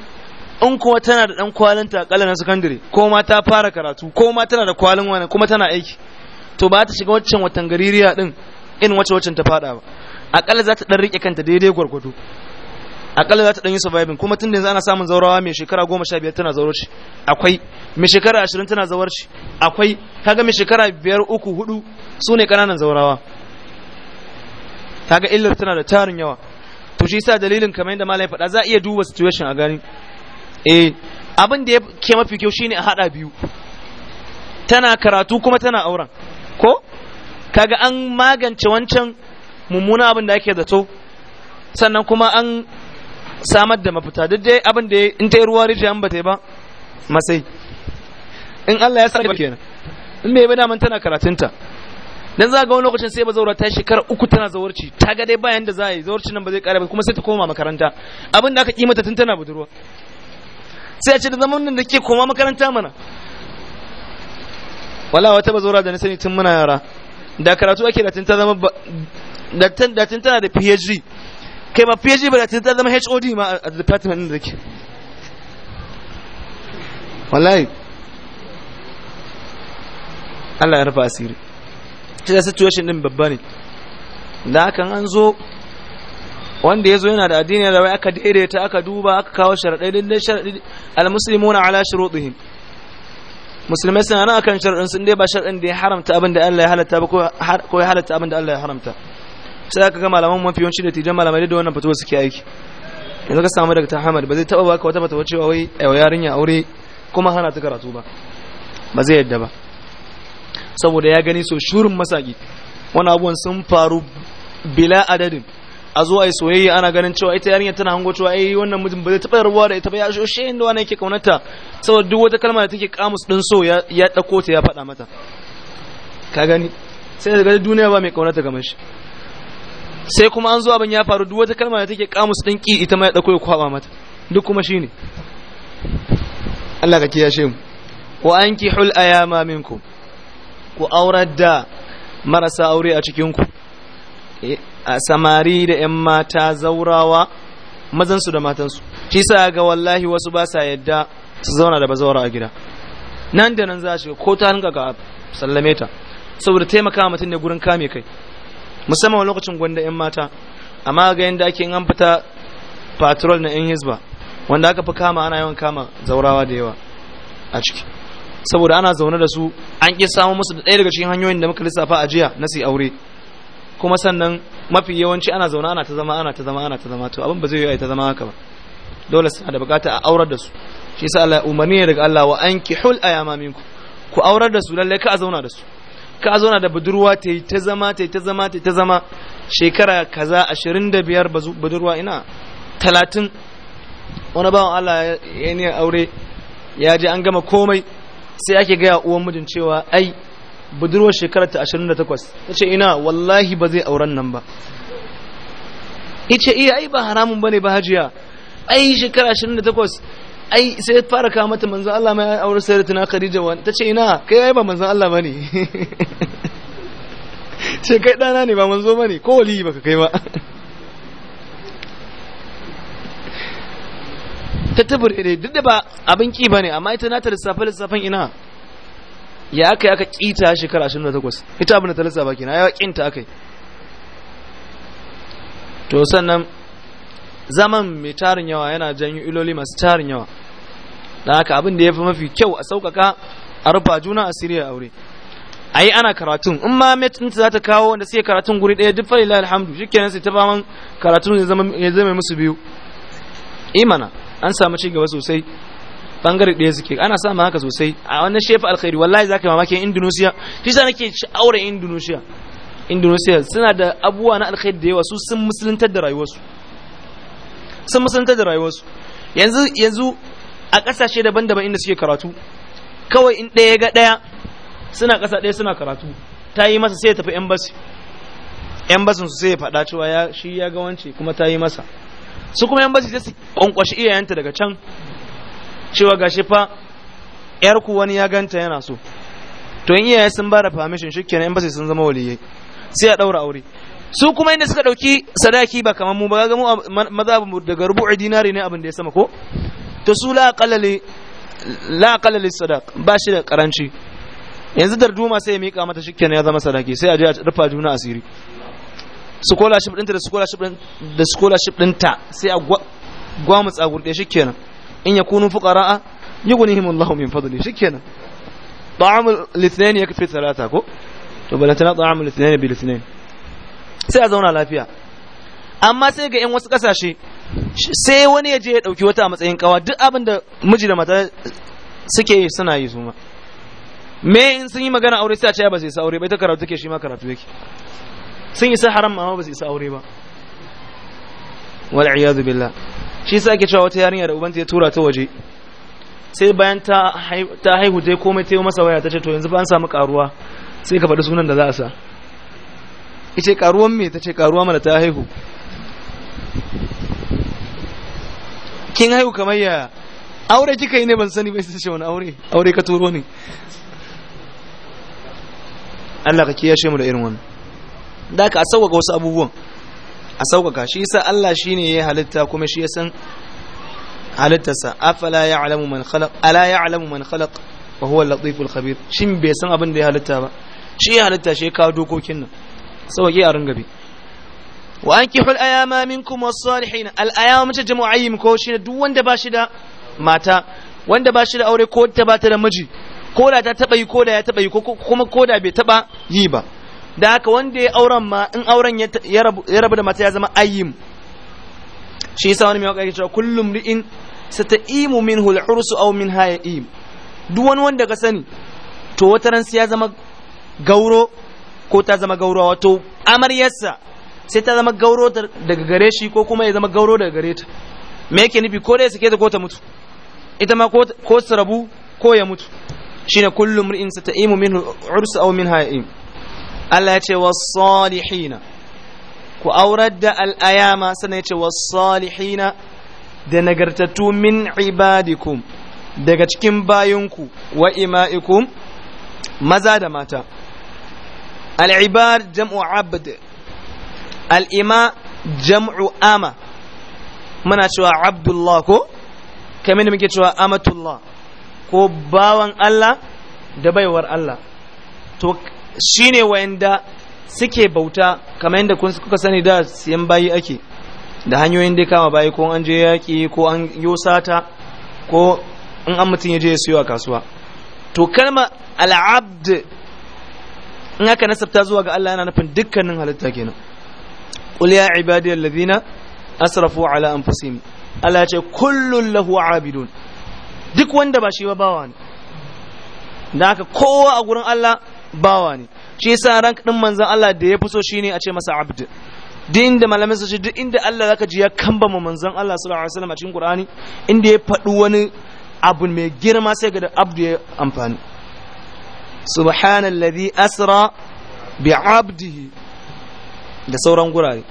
in kuwa tana da ɗan kwalin ta akalla na sakandare ko ma ta fara karatu ko ma tana da kwalin wani kuma tana aiki to ba ta shiga waccan watan gaririya din in wacce waccan ta faɗa ba akalla za ta dan rike kanta daidai gwargwado akalla za ta dan yi surviving kuma tun da yanzu ana samun zaurawa mai shekara goma sha biyar tana zaurarci akwai mai shekara ashirin tana zaurarci akwai kaga mai shekara biyar uku hudu su ne ƙananan zaurawa kaga illar tana da tarin yawa to shi sa dalilin kamar yadda malai faɗa za a iya duba situation a gani eh abin da ya ke mafi kyau shine a haɗa biyu tana karatu kuma tana auren ko kaga an magance wancan mummuna abin da ake to sannan kuma an samar da mafita duk dai abin da in ta yi ruwa rijiya an ba ta yi ba masai in Allah ya sarrafa kenan in bai bai daman tana karatunta dan za ga wani lokacin sai ba zaura ta shekara uku tana zawarci ta ga dai bayan da za yi zawarci nan ba zai kare ba kuma sai ta koma makaranta abin da aka kimata tun tana budurwa sai a ce da zaman nan da ke koma makaranta mana wala wata ba zaura da na sani tun muna yara da karatu ake da tun ta zama datin tana da phd kai ba phd ba datin ta zama hod ma a department din da ke wallahi Allah ya rufa asiri cikin situation din babba ne da hakan an zo wanda ya zo yana da addini da wai aka daidaita aka duba aka kawo sharaɗai lallai sharaɗi almuslimuna ala shurutihim musulmai suna nan akan sharaɗin sun dai ba sharaɗin da ya haramta abin da Allah ya halatta ba ko ya halatta abin da Allah ya haramta sai aka ga malaman mafi yawanci da tijan malamai da wannan fatuwa suke aiki yanzu ka samu daga Ahmad ba zai taba baka wata fatuwa cewa wai yau yarinya aure kuma hana ta karatu ba ba zai yadda ba saboda ya gani so shurin masaki wani abubuwan sun faru bila adadin a zuwa yi soyayya ana ganin cewa ita yarinya tana hango cewa ai eh, wannan mutum ba zai taɓa rabuwa da ita ba ya shi shi inda wani yake kaunarta saboda duk wata kalma da take kamus din so ya ɗauko ta ya faɗa mata ka gani sai daga duniya ba mai kaunarta kamar shi sai kuma an zo abin ya faru duk wata kalma da take kamus din ki ita ma ya dauko ya kwaba mata duk kuma shine Allah ka kiyashe mu wa ankihul ayama minkum ku aurar da marasa aure a cikin ku eh, a samari da yan mata zaurawa mazan su da matan su shi sa ga wallahi wasu ba sa yadda su zauna da bazawara a gida nan da nan za shi ko ta hanga ga sallame ta saboda taimaka mutum ne gurin kame kai musamman lokacin gwanda 'yan mata amma ga yadda ake an fita patrol na 'yan hizba wanda aka fi kama ana yawan kama zaurawa da yawa a ciki saboda ana zaune da su an ƙi samun musu da ɗaya daga cikin hanyoyin da muka lissafa a jiya na aure kuma sannan mafi yawanci ana zaune ana ta zama ana ta zama ana ta zama to abin ba zai yi ta zama haka ba dole suna da bukata a aurar da su shi yasa Allah umarni daga Allah wa ankihul ayama minku ku aurar da su lalle ka a zauna da su ka zauna da budurwa ta yi ta zama ta yi ta zama ta yi ta zama shekara kaza ashirin da biyar budurwa ina talatin wani bawan Allah ya yi aure ya je an gama komai sai ake gaya uwan mijin cewa ai budurwar shekara ta ashirin da takwas ta ce ina wallahi ba zai auren nan ba ita iya eh, ai ba haramun ba ne ba hajiya ai shekara ashirin da takwas ai sai fara kawo mata manzon Allah mai aure sayyidatuna Khadija wa ce ina kai ai ba manzon Allah bane ce [laughs] kai dana ne ba manzo bane ko wali baka kai ba [laughs] ta tabure ne duk da ba abin ki bane amma ita na ta lissafa lissafan ina ya aka aka kita shekara 28 ita abin da ta lissafa kina ya kinta akai to sannan zaman mai tarin yawa yana janyo iloli masu tarin yawa don haka abin da ya fi mafi kyau a sauƙaƙa a rufa juna a siriya aure a yi ana karatun in ma inta za ta kawo wanda suke karatun guri ɗaya duk falila alhamdu shi kenan sai ta faman karatun ya zama musu biyu imana an samu ci gaba sosai bangare ɗaya suke ana samu haka sosai a wannan shefa alkhairi wallahi za ka zaka mamakin indonesia shi sa nake sha'awar indonesia indonesia suna da abubuwa na alkhairi da yawa su sun musulunta da rayuwarsu sun musulunta da rayuwarsu yanzu yanzu a ƙasashe daban-daban inda suke karatu kawai in ɗaya ga ɗaya suna ƙasa ɗaya suna karatu ta yi masa sai ya tafi embassy embassin su sai ya faɗa cewa ya shi ya ga wance kuma ta yi masa su kuma embassy sai su kwankwashi iyayenta daga can cewa gashi fa yar ku wani ya ganta yana so to in iyaye sun ba da permission shikenan embassy sun zama waliyai sai a ɗaura aure su kuma inda suka dauki sadaki ba kamar mu ba ga mu mazhabin daga rubu'i dinari ne abin da ya sama ko to su la qalali la qalali sadaq ba shi da karanci yanzu dar duma sai ya mika mata shikken ya zama sadaki sai a je a rufa juna asiri scholarship ɗinta da scholarship ɗin da scholarship ɗinta sai a gwamutsa gurɗe shikenan in fuqara yughnihim yughnihimullahu min fadli shikenan ta'amul lithnain yakfi thalatha ko to balantana ta'amul lithnain bil lithnain sai a zauna lafiya amma sai ga 'yan wasu kasashe sai wani ya je ya ɗauki wata a matsayin kawa duk abin da miji da mata suke suna yi su ma me in sun yi magana aure sai a ce ba su isa aure ba ita karatu take shi ma karatu yake sun isa haram amma ba su isa aure ba wal iyadu billah shi yasa ake cewa wata yarinya da ubanta ya tura ta waje sai bayan ta haihu dai komai ta yi masa waya ta ce to yanzu ba an samu karuwa sai ka faɗi sunan da za a sa ita karuwan me ta ce karuwa mana ta haihu kin haihu kamar ya aure kika yi ne ban sani ba sai ce wani aure aure ka turo ne Allah ka kiyashe mu da irin wannan da ka sauƙaƙa wasu abubuwan a sauƙaƙa shi sa Allah shine ya halitta kuma shi ya san halittarsa afala ya'lamu man khalaq ala ya'lamu man khalaq wa huwa al-latiful khabir shin bai san abin da ya halitta ba shi ya halitta shi ya kawo dokokin nan sauƙi a ringa bi wa an hul ayama minkum was-salihin al-ayama mace jama'ayyim ko shi duk wanda ba shi da mata wanda ba shi da aure ko ta ba ta da miji ko da ta taba yi ko da ya taba yi kuma ko da bai taba yi ba da haka wanda ya auren ma in auren ya rabu da mata ya zama ayyim shi yasa wani mai wakari cewa kullum ri'in sataimu minhu al-ursu aw minha ya'im duk wani wanda ka sani to wataran sai ya zama gauro ko ta zama gaurawa wato amaryarsa sai ta zama gauro daga gare shi ko kuma ya zama gauro daga gare ta me yake nufi ko dai sake da kota mutu ita ma ko su rabu ko ya mutu shine kullum mur'in sa ta'imu minhu ursu aw min ha'im Allah ya ce was salihin ku aurar da al-ayama sannan ya ce was-salihina da nagartattu min ibadikum daga cikin bayinku wa ima'ikum maza da mata al'ibar jam'u abd al'ima jam'u ama muna cewa abdullah ko kamar da muke cewa amatullah ko bawan Allah da baiwar Allah to shine wayanda suke bauta kamar yadda kuka sani da siyan bayi ake da hanyoyin da kama bayi ko an je yaƙi ko an yosata ko in mutum ya je ya siyo a kasuwa to kalma al'abd in haka nasabta zuwa ga Allah yana nufin dukkanin halitta kenan qul ya ibadi alladhina asrafu ala anfusihim Allah ya ce kullun lahu abidun duk wanda ba shi ba bawa ne dan haka kowa a gurin Allah bawa ne shi yasa rank din manzon Allah da ya fi so shine a ce masa abd duk inda malamin su shi duk inda Allah zaka ji ya kamba mu manzon Allah sallallahu alaihi wasallam a cikin Qur'ani inda ya faɗi wani abu mai girma sai ga abdu ya amfani subhanallazi asra bi abdihi da sauran gurare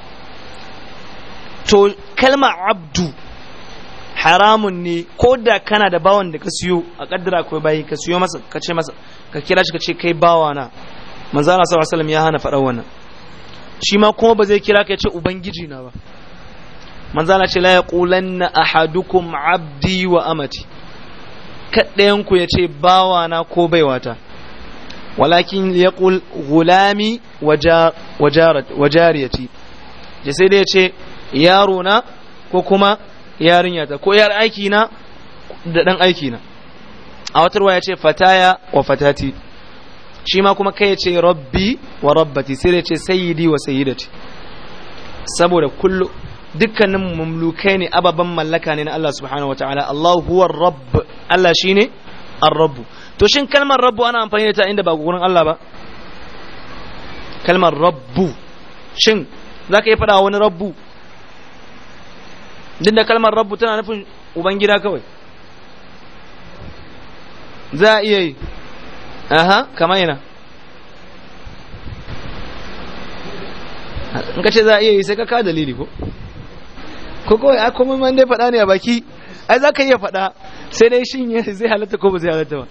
to kalma abdu haramun ne ko da kana da bawan da ka siyo a kaddara kai bayi ka siyo masa ka ce masa ka kira shi ka ce kai bawa na manzo Allah sallallahu alaihi ya hana faɗa wannan shi ma kuma ba zai kira ka ya ce ubangiji na ba manzo Allah ce la yaqulanna ahadukum abdi wa amati kaddayan ku ya ce bawa na ko baiwata walakin liyaqul gulami wa jariyati da sai dai ya ce yarona ko kuma yarinyata ko yar aiki na da ɗan aiki na a watarwa ya ce fataya wa fatati shi ma kuma kai ya ce rabbi wa rabbati sai ya ce sayyidi wa sayidati. saboda kullum dukkanin mamlukai ne ababen mallaka ne na Allah subhanahu wa ta'ala Allah huwa rabb Allah shine an rabb to shin kalmar rabbu ana amfani da ta inda ba gurin Allah ba kalmar rabbu shin za ka yi faɗa wani rabbu duk da kalmar rabbu tana nufin ubangida kawai za a iya yi aha kama ina in ka ce za a iya yi sai ka ka dalili ko ko kawai a kuma man dai fada ne a baki ai za ka iya fada sai dai shin zai halatta ko ba zai halatta ba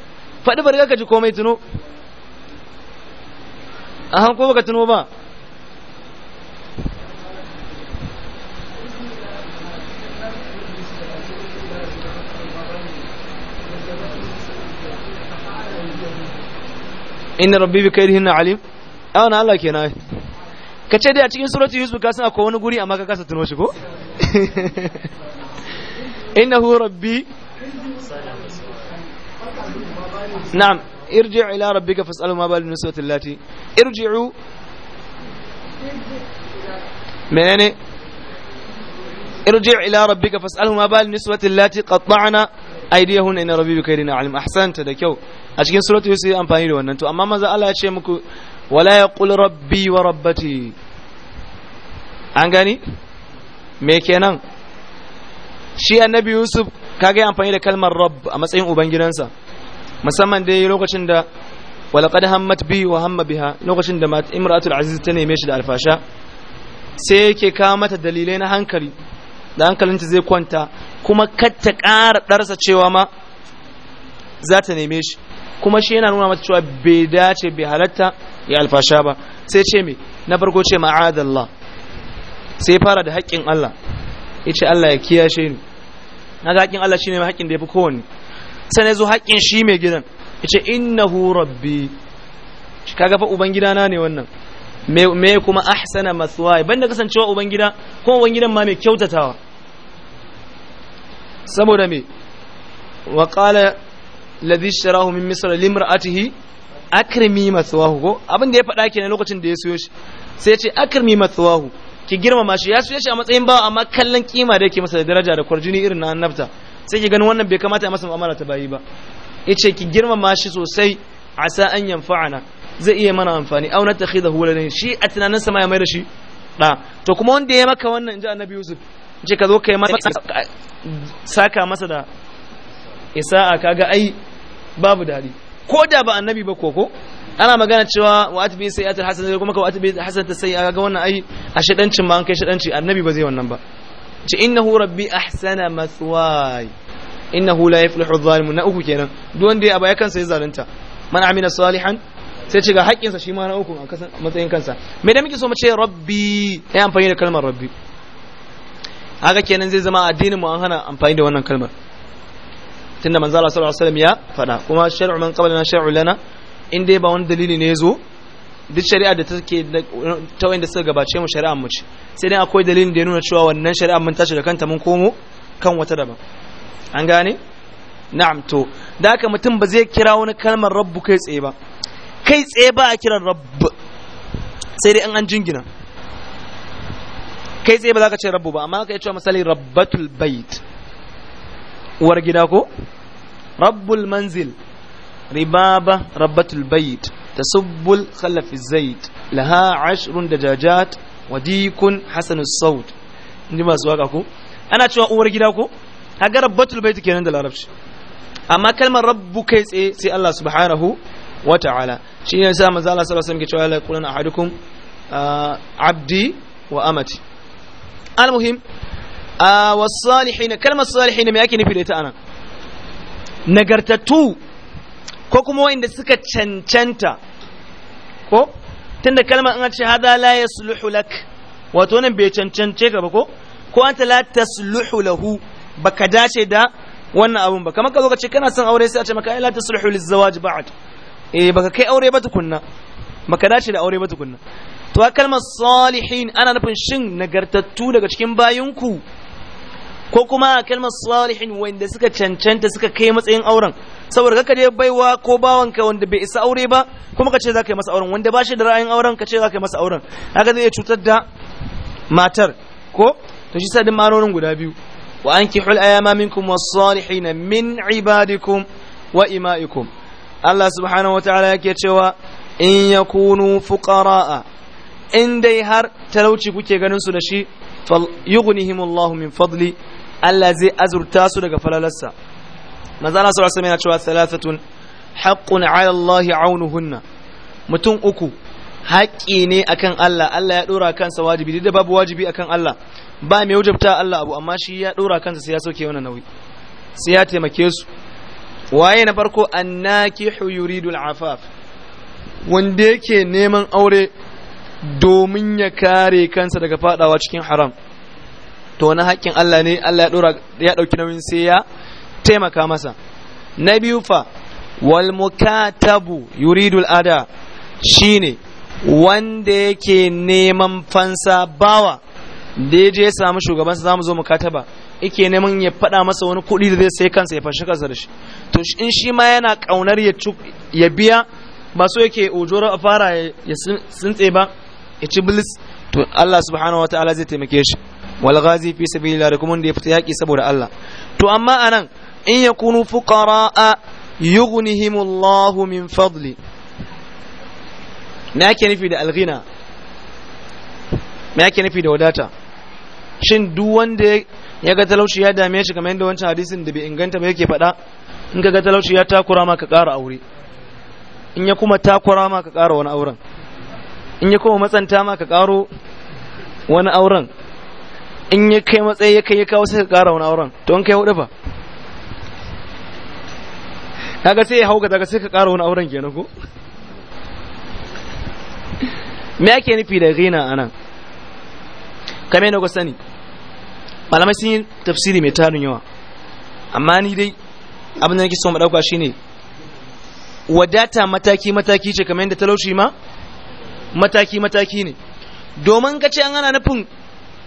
faɗi bari ka ji komai tuno a hanko baka tuno ba inna rabbi bi na alim awa na Allah ke na ka ce dai a cikin surat yusuf ka san akwai wani guri amma ka kasa tuno shi ko [laughs] innahu rabbi na'am irji' ila rabbika fas'alu ma bal nuswati allati irji'u menene irji' ila rabbika fas'alu ma bal nuswati allati qatta'na aydiyahunna inna rabbika kaydina alim ahsanta da kyau a cikin suratu yusuf yi amfani da wannan amma maza Allah ya muku wala yaqul rabbi wa rabbati an gani me kenan shi annabi yusuf ka ya amfani da kalmar rabb a matsayin ubangidansa musamman dai lokacin da walaqad hammat bi wa hamma biha lokacin da imratul aziz ta neme shi da alfasha sai yake kawo mata dalilai na hankali da hankalinta zai kwanta kuma kar ta ƙara ɗarsa cewa ma za ta neme shi kuma shi yana nuna mata cewa bai dace bai halatta ya alfasha ba sai ce me na farko ce ma'adallah sai fara da haƙƙin Allah ya Allah ya kiyashe ni na ga haƙƙin Allah shine haƙƙin da ya fi kowanne sai na zo haƙƙin shi mai gidan ya ce innahu rabbi gafa ubangida na ne wannan me kuma ahsana maswaya banda kasancewa ubangida kuma ubangidan ma mai kyautatawa saboda me wa qala ladhi sharahu min misr limra'atihi akrimi maswahu ko abin da ya faɗa kenan lokacin da ya siyo shi sai ya ce akrimi maswahu ki girmama shi ya siyo shi a matsayin bawa amma kallon kima da yake masa da daraja da kwarjini irin na annabta sai ki gani wannan bai kamata masa mu'amala ta bayi ba yace ki girmama shi sosai asa an yanfa'ana zai iya mana amfani aw na takhidahu waladan shi a tunanin sa ma ya mai da shi da to kuma wanda ya maka wannan inji annabi yusuf yace ka zo kai masa saka masa da isa'a kaga ai babu dadi ko da ba annabi ba koko ana magana cewa wa atbi sayyatul hasan kuma ka wa atbi hasan ta sayyi'a kaga wannan ai a shedancin ma an kai shedanci annabi ba zai wannan ba ce innahu rabbi ahsana mathway innahu la yuflihu adh-dhalimun na uku kenan duk wanda ya abaya kansa ya zalunta man amina salihan sai ce ga haƙƙinsa shi ma na uku a matsayin kansa me da muke so mu ce rabbi ya amfani da kalmar rabbi haka kenan zai zama addinin mu an hana amfani da wannan kalmar tunda Manzala Allah sallallahu alaihi wasallam ya faɗa kuma shar'u man qablana shar'u lana in dai ba wani dalili ne ya zo duk shari'a da take ta wanda suka gabace mu shari'a mu ce sai dai akwai dalilin da ya nuna cewa wannan shari'a mun tashi da kanta mun komo kan wata daban an gane na'am to da haka mutum ba zai kira wani kalmar rabbu kai tsaye ba kai tsaye ba a kiran rabb sai dai an an jingina kai tsaye ba za ka ce rabbu ba amma ka yi cewa misali rabbatul bait uwar gida ko rabbul manzil ribaba rabbatul bait tasubbul khalafi zait laha ashrun dajajat wa dikun hasanus saud inji masu waka ko ana cewa uwar gida ko kaga rabbatul bait kenan da larabci amma kalmar rabbu kai tsaye sai Allah subhanahu wa ta'ala shi ne sa manzo Allah sallallahu alaihi wasallam ke cewa la yaquluna ahadukum ah, abdi wa amati almuhim ah, kalmar salihin me yake nufi da ita anan Nagartatu. ko kuma wa'inda suka cancanta ko tunda kalmar an ce hada la ya yasluhu lak wato nan bai cancance ka ba ko ko ta la tasluhu lahu baka dace da wannan abun ba kamar ka zo ka ce kana son aure sai a ce maka ai la tasluhu lizawaj ba'd eh baka kai aure ba tukunna baka dace da aure ba tukunna to kalmar salihin ana nufin shin nagartattu daga cikin bayinku ko kuma kalmar salihin wanda suka cancanta suka kai matsayin auren saboda kaka je baiwa ko bawanka wanda bai isa aure ba kuma ka ce za ka yi masa auren wanda ba shi da ra'ayin auren ka ce za ka yi masa auren haka zai cutar da matar ko to shi sadin manonin guda biyu wa an hul ayyama minkum was-salihin min ibadikum wa ima'ikum Allah subhanahu wataala yake cewa in yakunu fuqara'a in dai har talauci kuke ganin su da shi falyughnihimullahu min fadli Allah zai azurta su daga falalarsa manzo Allah sallallahu alaihi cewa thalathatun haqqun ala Allah aunuhunna mutum uku haƙƙi ne akan Allah Allah ya dora kansa wajibi duk da babu wajibi akan Allah ba mai wajibta Allah abu amma shi ya dora kansa sai ya sauke wannan nauyi sai ya taimake su waye na farko annakihu yuridu al'afaf wanda yake neman aure domin ya kare kansa daga fadawa cikin haram to wani haƙƙin Allah ne Allah ya ɗauki nauyin sai ya taimaka masa na biyu fa wal mukatabu yuridul ada shine wanda yake neman fansa bawa da ya je samu shugabansa za mu zo mukataba yake neman ya faɗa masa wani kuɗi da zai sai kansa ya fashi kansa da shi to in shi ma yana kaunar ya biya ba so yake ojoro a fara ya tsintse ba ya ci bilis to Allah subhanahu wa ta'ala zai taimake shi wal ghazi fi sabilillah da kuma wanda ya fita yaki saboda Allah to amma anan in yakunu fuqara'a yughnihimullahu min fadli me yake nufi da alghina me yake nufi da wadata shin duk wanda ya ga talauci ya dame shi kamar yadda wancan hadisin da bai inganta ba yake faɗa in ka ga talauci ya takura ma ka ƙara aure in ya kuma takura ma ka ƙara wani auren in ya kuma matsanta ma ka ƙaro wani auren in ya kai matsayi ya kai ya kawo sai ka ƙara wani auren to an kai hudu fa kaga sai ya hauka daga sai ka kara wani auren kenan ko me ake nufi da ghina anan kame yadda ku sani malamai sun yi tafsiri mai tarin yawa amma ni dai abin da nake so mu dauka shine wadata mataki mataki ce kamar yadda talauci ma mataki mataki ne domin ka ce an ana nufin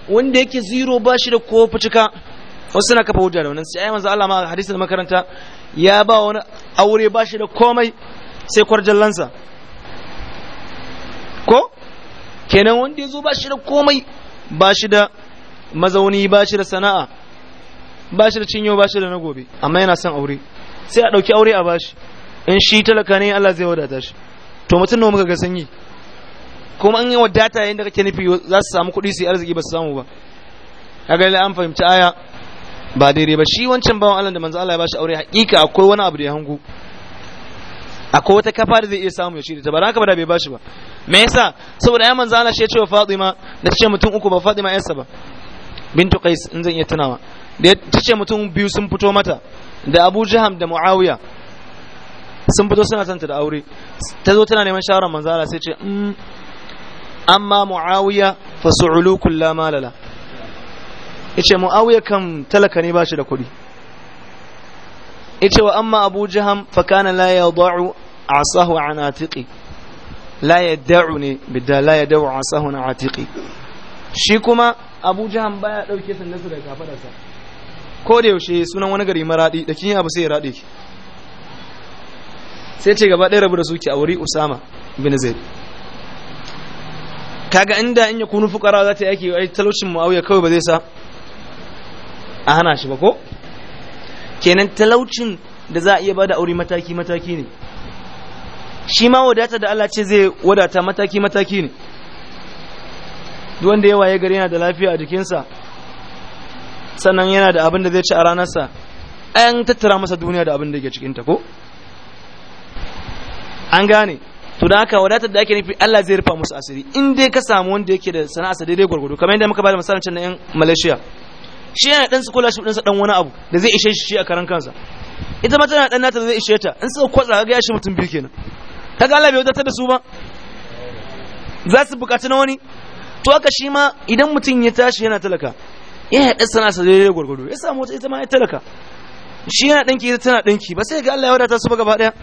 wanda yake zero ba shi da ko cika wasu suna kafa hujja da wannan sai ai manzo Allah ma hadisi da makaranta ya ba wani aure ba shi da komai sai kwarjallansa ko kenan wanda ya zo ba shi da komai ba shi da mazauni ba shi da sana'a ba shi da cinyo ba shi da na gobe amma yana son aure sai a ɗauki aure a bashi in shi talaka ne Allah zai wadata shi to mutum nawa muka ga sanyi kuma an yi wadata yayin da kake nufi za su samu kuɗi su yi arziki ba su samu ba kaga an fahimci aya ba daidai ba shi wancan bawan Allah da manzo Allah ya bashi aure hakika akwai wani abu da ya hangu akwai wata kafa da zai iya samu ya shi da ta baraka ba da bai bashi ba me yasa saboda ya manzo Allah shi ya ce wa Fatima da ta ce mutum uku ba Fatima yarsa ba bintu Qais in zan iya tunawa da ta ce mutum biyu sun fito mata da Abu Jaham da Muawiya sun fito suna santa da aure ta zo tana neman shawaran manzo Allah sai ce mm, amma muawiya fa su'ulukul la malala yace muawiya kan talaka ne bashi da kuɗi yace wa amma abu jaham fa kana la yadau asahu an atiqi la yadau ne bidda la yadau asahu an atiqi shi kuma abu jaham baya dauke sandansa daga kafadarsa ko da yaushe sunan wani gari maradi da kin yi abu sai ya rade ki sai ce gaba ɗaya rabu da suke a wuri usama bin zaid kaga inda in ya kunu fukara za ta yi aiki ai talaucin muawiya kawai ba zai sa a hana shi ba ko kenan talaucin da za a iya bada aure mataki mataki ne shi ma wadata da Allah ce zai wadata mataki mataki ne duk wanda yawa ya gari yana da lafiya a jikinsa sannan yana da abin da zai ci a ranarsa an tattara masa duniya da abin da yake cikinta ko an gane to da haka wadatar da ake nufi Allah zai rufa musu asiri in dai ka samu wanda yake da sana'arsa daidai gwargwado kamar yadda muka bada misalin can na yan Malaysia shi yana dan scholarship ɗinsa dan wani abu da zai ishe shi shi a karan kansa ita ma tana dan nata da zai ishe ta in suka kwatsa ga ya shi mutum biyu kenan kaga Allah bai wadatar da su ba za su bukaci na wani to haka shi ma idan mutum ya tashi yana talaka ya sana'a sana'arsa daidai gwargwado ya samu wata ita ma ya talaka shi yana ɗinki ita tana ɗinki ba sai ga Allah ya wadata su ba gaba daya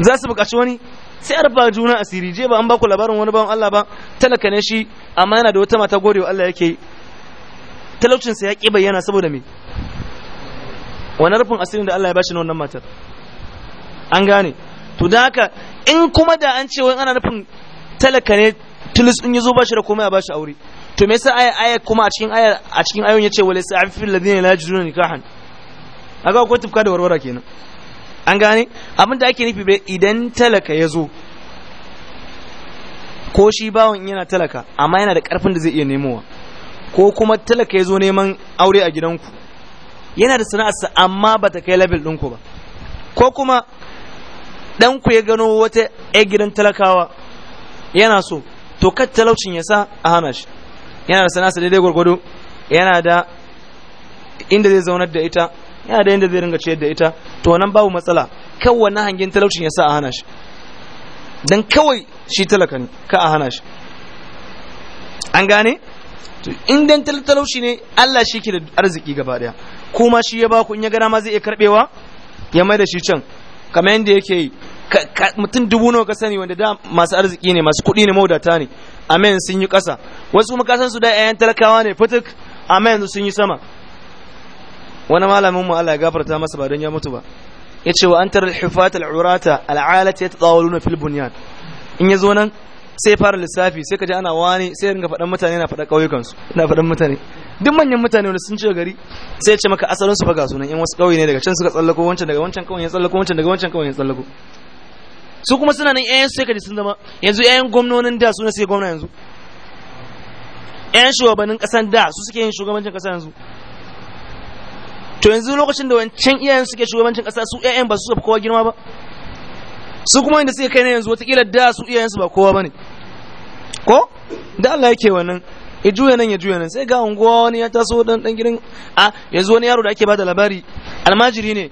za su buƙaci wani sai a rufa juna asiri je ba an baku labarin wani bawan Allah ba talaka ne shi amma yana da wata mata gode wa Allah yake talaucinsa ya ƙi bayyana saboda me wani rufin asirin da Allah ya bashi na wannan matar an gane to da haka in kuma da an ce wani ana rufin talaka ne tilis in yazo bashi da komai a bashi aure to me yasa aya aya kuma a cikin aya a cikin ayoyin yace wala sa'afil ladina la yajiduna nikahan aga ko tufka da warwara kenan an gane abin da ake nufi idan talaka ya zo ko shi bawan yana talaka amma yana da karfin da zai iya nemowa ko kuma talaka ya zo neman aure a gidanku yana da sana'arsa amma ba ta kai labil ɗinku ba ko kuma ɗanku ya gano wata 'yan gidan talakawa yana so to kat talaucin ya sa a hana shi yana da sana'arsa daidai gwargwado yana da inda zai zaunar da ita yana da yadda zai ringa ciyar da ita to nan babu matsala kawai na hangen talaucin ya sa a hana shi don kawai shi talaka ne ka a hana shi an gane in dan talauci ne Allah shi ke da arziki gaba daya kuma shi ya baku in ya gana ma zai iya karbewa ya mai da shi can kamar yadda yake yi mutum dubu nawa ka sani wanda da masu arziki ne masu kuɗi ne maudata ne amen sun yi ƙasa wasu kuma kasan su da ƴaƴan talakawa ne fituk amen sun yi sama wani malamin mu Allah ya gafarta masa ba don ya mutu ba yace wa antar al-hufat al-urata al-alati yatadawaluna fil bunyan in yazo nan sai fara lissafi sai kaje ana wani sai ringa fadan mutane na fada kauyukan su na fadan mutane duk manyan mutane wanda sun ce gari sai ya ce maka asalin su fa ga sunan in wasu kauye ne daga can suka tsallako wancan daga wancan kauyen ya tsallako wancan daga wancan kauyen ya tsallako su kuma suna nan ƴaƴan su sai kaje sun zama yanzu 'ya'yan gwamnonin da su ne sai gwamna yanzu Ya'yan shugabannin ƙasan da su suke yin shugabancin ƙasa yanzu to yanzu lokacin da wancan iyayen suke shugabancin ƙasa su iyayen ba su suka kowa girma ba su kuma inda suke kai na yanzu watakila da su iyayen su ba kowa ba ne, ko da Allah yake wannan ya juya nan ya juya nan sai ga unguwa wani ya taso dan dan girin a yanzu wani yaro da ake bada labari almajiri ne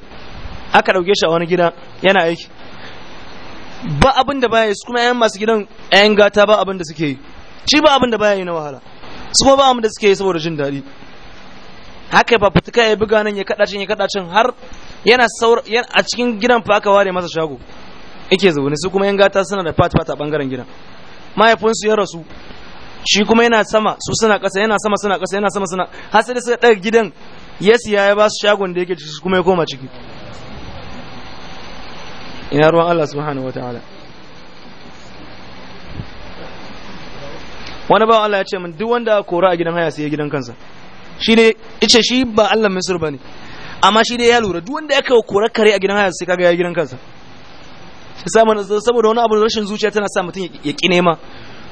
aka dauke shi a wani gida yana aiki ba abin da baya su kuma yan masu gidan yan gata ba abin da suke yi shi ba abin da baya yi na wahala su ba abin da suke yi saboda jin daɗi haka ba fituka ya buga nan ya kada cin ya kada cin har yana saur a cikin gidan fa aka ware masa shago yake zaune su kuma yan gata suna da fat fat a bangaren gidan mahaifinsu ya rasu shi kuma yana sama su suna kasa yana sama suna kasa yana sama suna har sai suka ɗaga gidan ya ya ba su shagon da yake su kuma ya koma ciki ina ruwan Allah subhanahu wataala wani bawan Allah ya ce min duk wanda kora a gidan haya sai ya gidan kansa shi ne ice shi ba Allah Misir ne amma shi ne ya lura duk wanda ya kawo korar kare a gidan hayar sai kaga ya gidan kansa saboda wani abu rashin zuciya tana sa mutum ya ki nema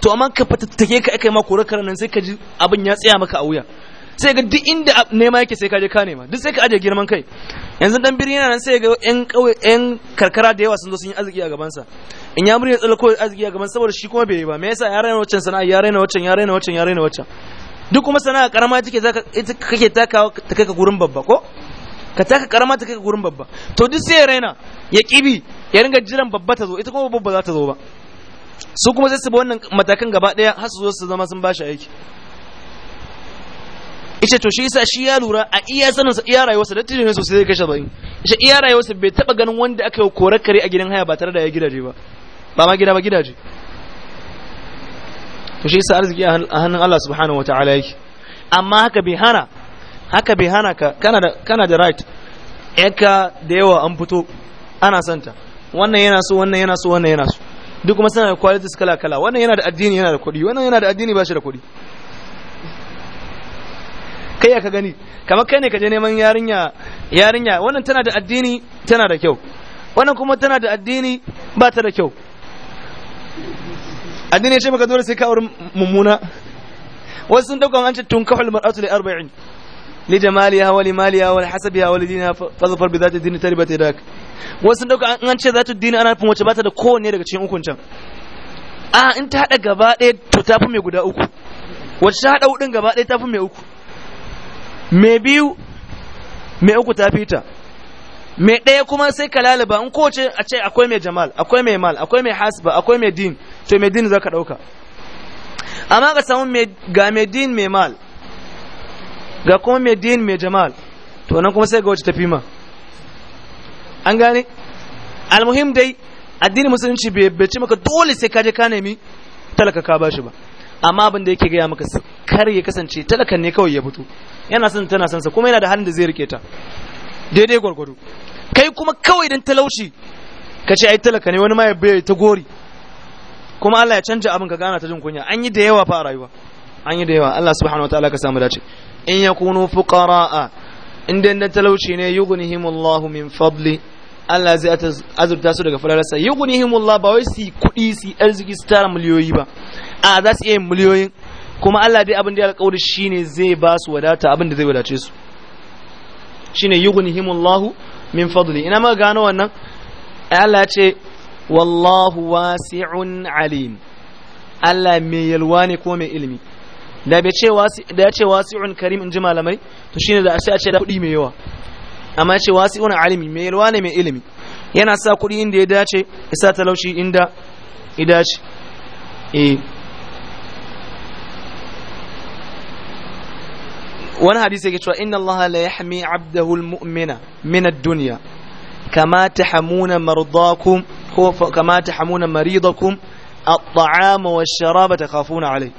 to amma ka fatattake ka aka yi ma korar kare nan sai ka ji abin ya tsaya maka a wuya sai ga duk inda nema yake sai ka je ka nema duk sai ka aje girman kai yanzu dan birni yana nan sai ga yan kauye yan karkara da yawa sun zo sun yi arziki a gaban sa in ya murya tsalle ko arziki a gaban saboda shi kuma bai yi ba me yasa ya raina waccan sana'a ya raina waccan ya raina waccan ya raina waccan duk kuma sana'a karama take zaka ita kake takawa ta kai ka gurin babba ko ka taka karama ta kai ka gurin babba to duk sai ya raina ya kibi ya ringa jiran babba ta zo ita kuma babba za ta zo ba su kuma sai su bi wannan matakan gaba daya har su zo su zama sun bashi aiki ita to shi yasa shi ya lura a iya sanin sa iya rayuwarsa da tijin sosai zai kashe bayin shi iya rayuwarsa bai taba ganin wanda aka yi korar kare a gidan haya ba tare da ya gidaje ba ba ma gida ba gidaje to shi sa arziki a hannun Allah subhanahu ta'ala yake amma haka bai hana haka bai hana ka kana da kana da right eka da yawa an fito ana santa wannan yana so wannan yana so wannan yana so duk kuma suna da qualities kala kala wannan yana da addini yana da kuɗi wannan yana da addini ba shi da kuɗi kai ya ka gani kamar kai ne ka je neman yarinya yarinya wannan tana da addini tana da kyau wannan kuma tana da addini ba ta da kyau addini ce maka dole sai ka auri mummuna wasu sun dauka an ce tun kahul mar'atu li arba'in li jamaliha wa li maliha wa li hasabiha wa li diniha fazfar bi zati dini yi yadak wasu sun dauka an ce zatu dini ana nufin wace bata da kowanne daga cikin ukun can a in ta hada gaba ɗaya to ta fi mai guda uku wacce ta hada hudun gaba ɗaya ta fi mai uku mai biyu mai uku ta fita mai ɗaya kuma sai ka lalaba in ko a ce akwai mai jamal akwai mai mal akwai mai hasba akwai mai din to mai din za ka ɗauka amma ka samu ga mai din mai mal ga kuma mai din mai jamal to nan kuma sai ga wace tafi ma an gane almuhim dai addini musulunci bai bace maka dole sai ka je ka nemi talaka ka shi ba amma abin da yake gaya maka kar ya kasance talakan ne kawai ya fito yana son tana sansa kuma yana da halin da zai rike ta daidai gwargwado kai kuma kawai don talauci ka ce ai talaka ne wani ma ya bai ta gori kuma Allah ya canja abin ka gana ta jin kunya an yi da yawa fa a rayuwa an yi da yawa Allah subhanahu wataala ka samu dace in yakunu fuqaraa in dan da talauci ne yughnihimullahu min fadli Allah zai azurta su daga falalarsa yughnihimullahu ba wai su kuɗi su arziki su tara miliyoyi ba a za su iya miliyoyin kuma Allah dai abin da ya alƙawari shine zai ba su wadata abin da zai wadace su shine yughnihimullahu min fadli ina ma gano wannan Allah ya ce wallahu wasi'un alim Allah mai yalwa ne ko mai ilimi da bai ce da ya ce wasi'un karim in ji malamai to shine da sai a ce da kudi mai yawa amma ce wasi'un alimi mai yalwa ne mai ilimi yana sa kudi inda ya dace ya sa talauci inda ya dace eh wani hadisi yake cewa inna allaha la yahmi abdahu mumina min ad-dunya kama tahamuna mardakum ko kama tahamuna maridakum at-ta'ama wash-sharaba takhafuna alai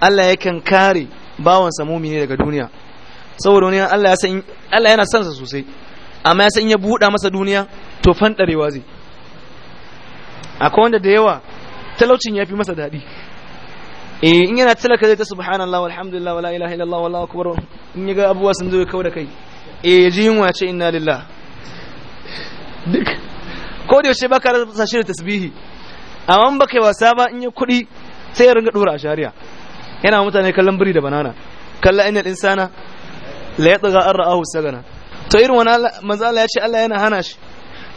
Allah yakan kare bawan sa mu'mini daga duniya saboda wani Allah ya san Allah yana son sa sosai amma ya san ya buɗa masa duniya to fandarewa zai akwai wanda da yawa talaucin ya fi masa daɗi eh in yana talaka zai ta subhanallahi walhamdulillahi wala ilaha illallah wallahu akbar in yaga abubuwa sun zo kawo da kai eh yaji yunwa ce inna lillahi duk ko da yaushe baka rasa shi da tasbihi amma baka yi wasa ba in yi kuɗi sai ya ringa dora a shari'a yana mutane kallon biri da banana kalla inal insana la yatgha an ra'ahu sagana to irin wani manzo Allah ya ce Allah yana hana shi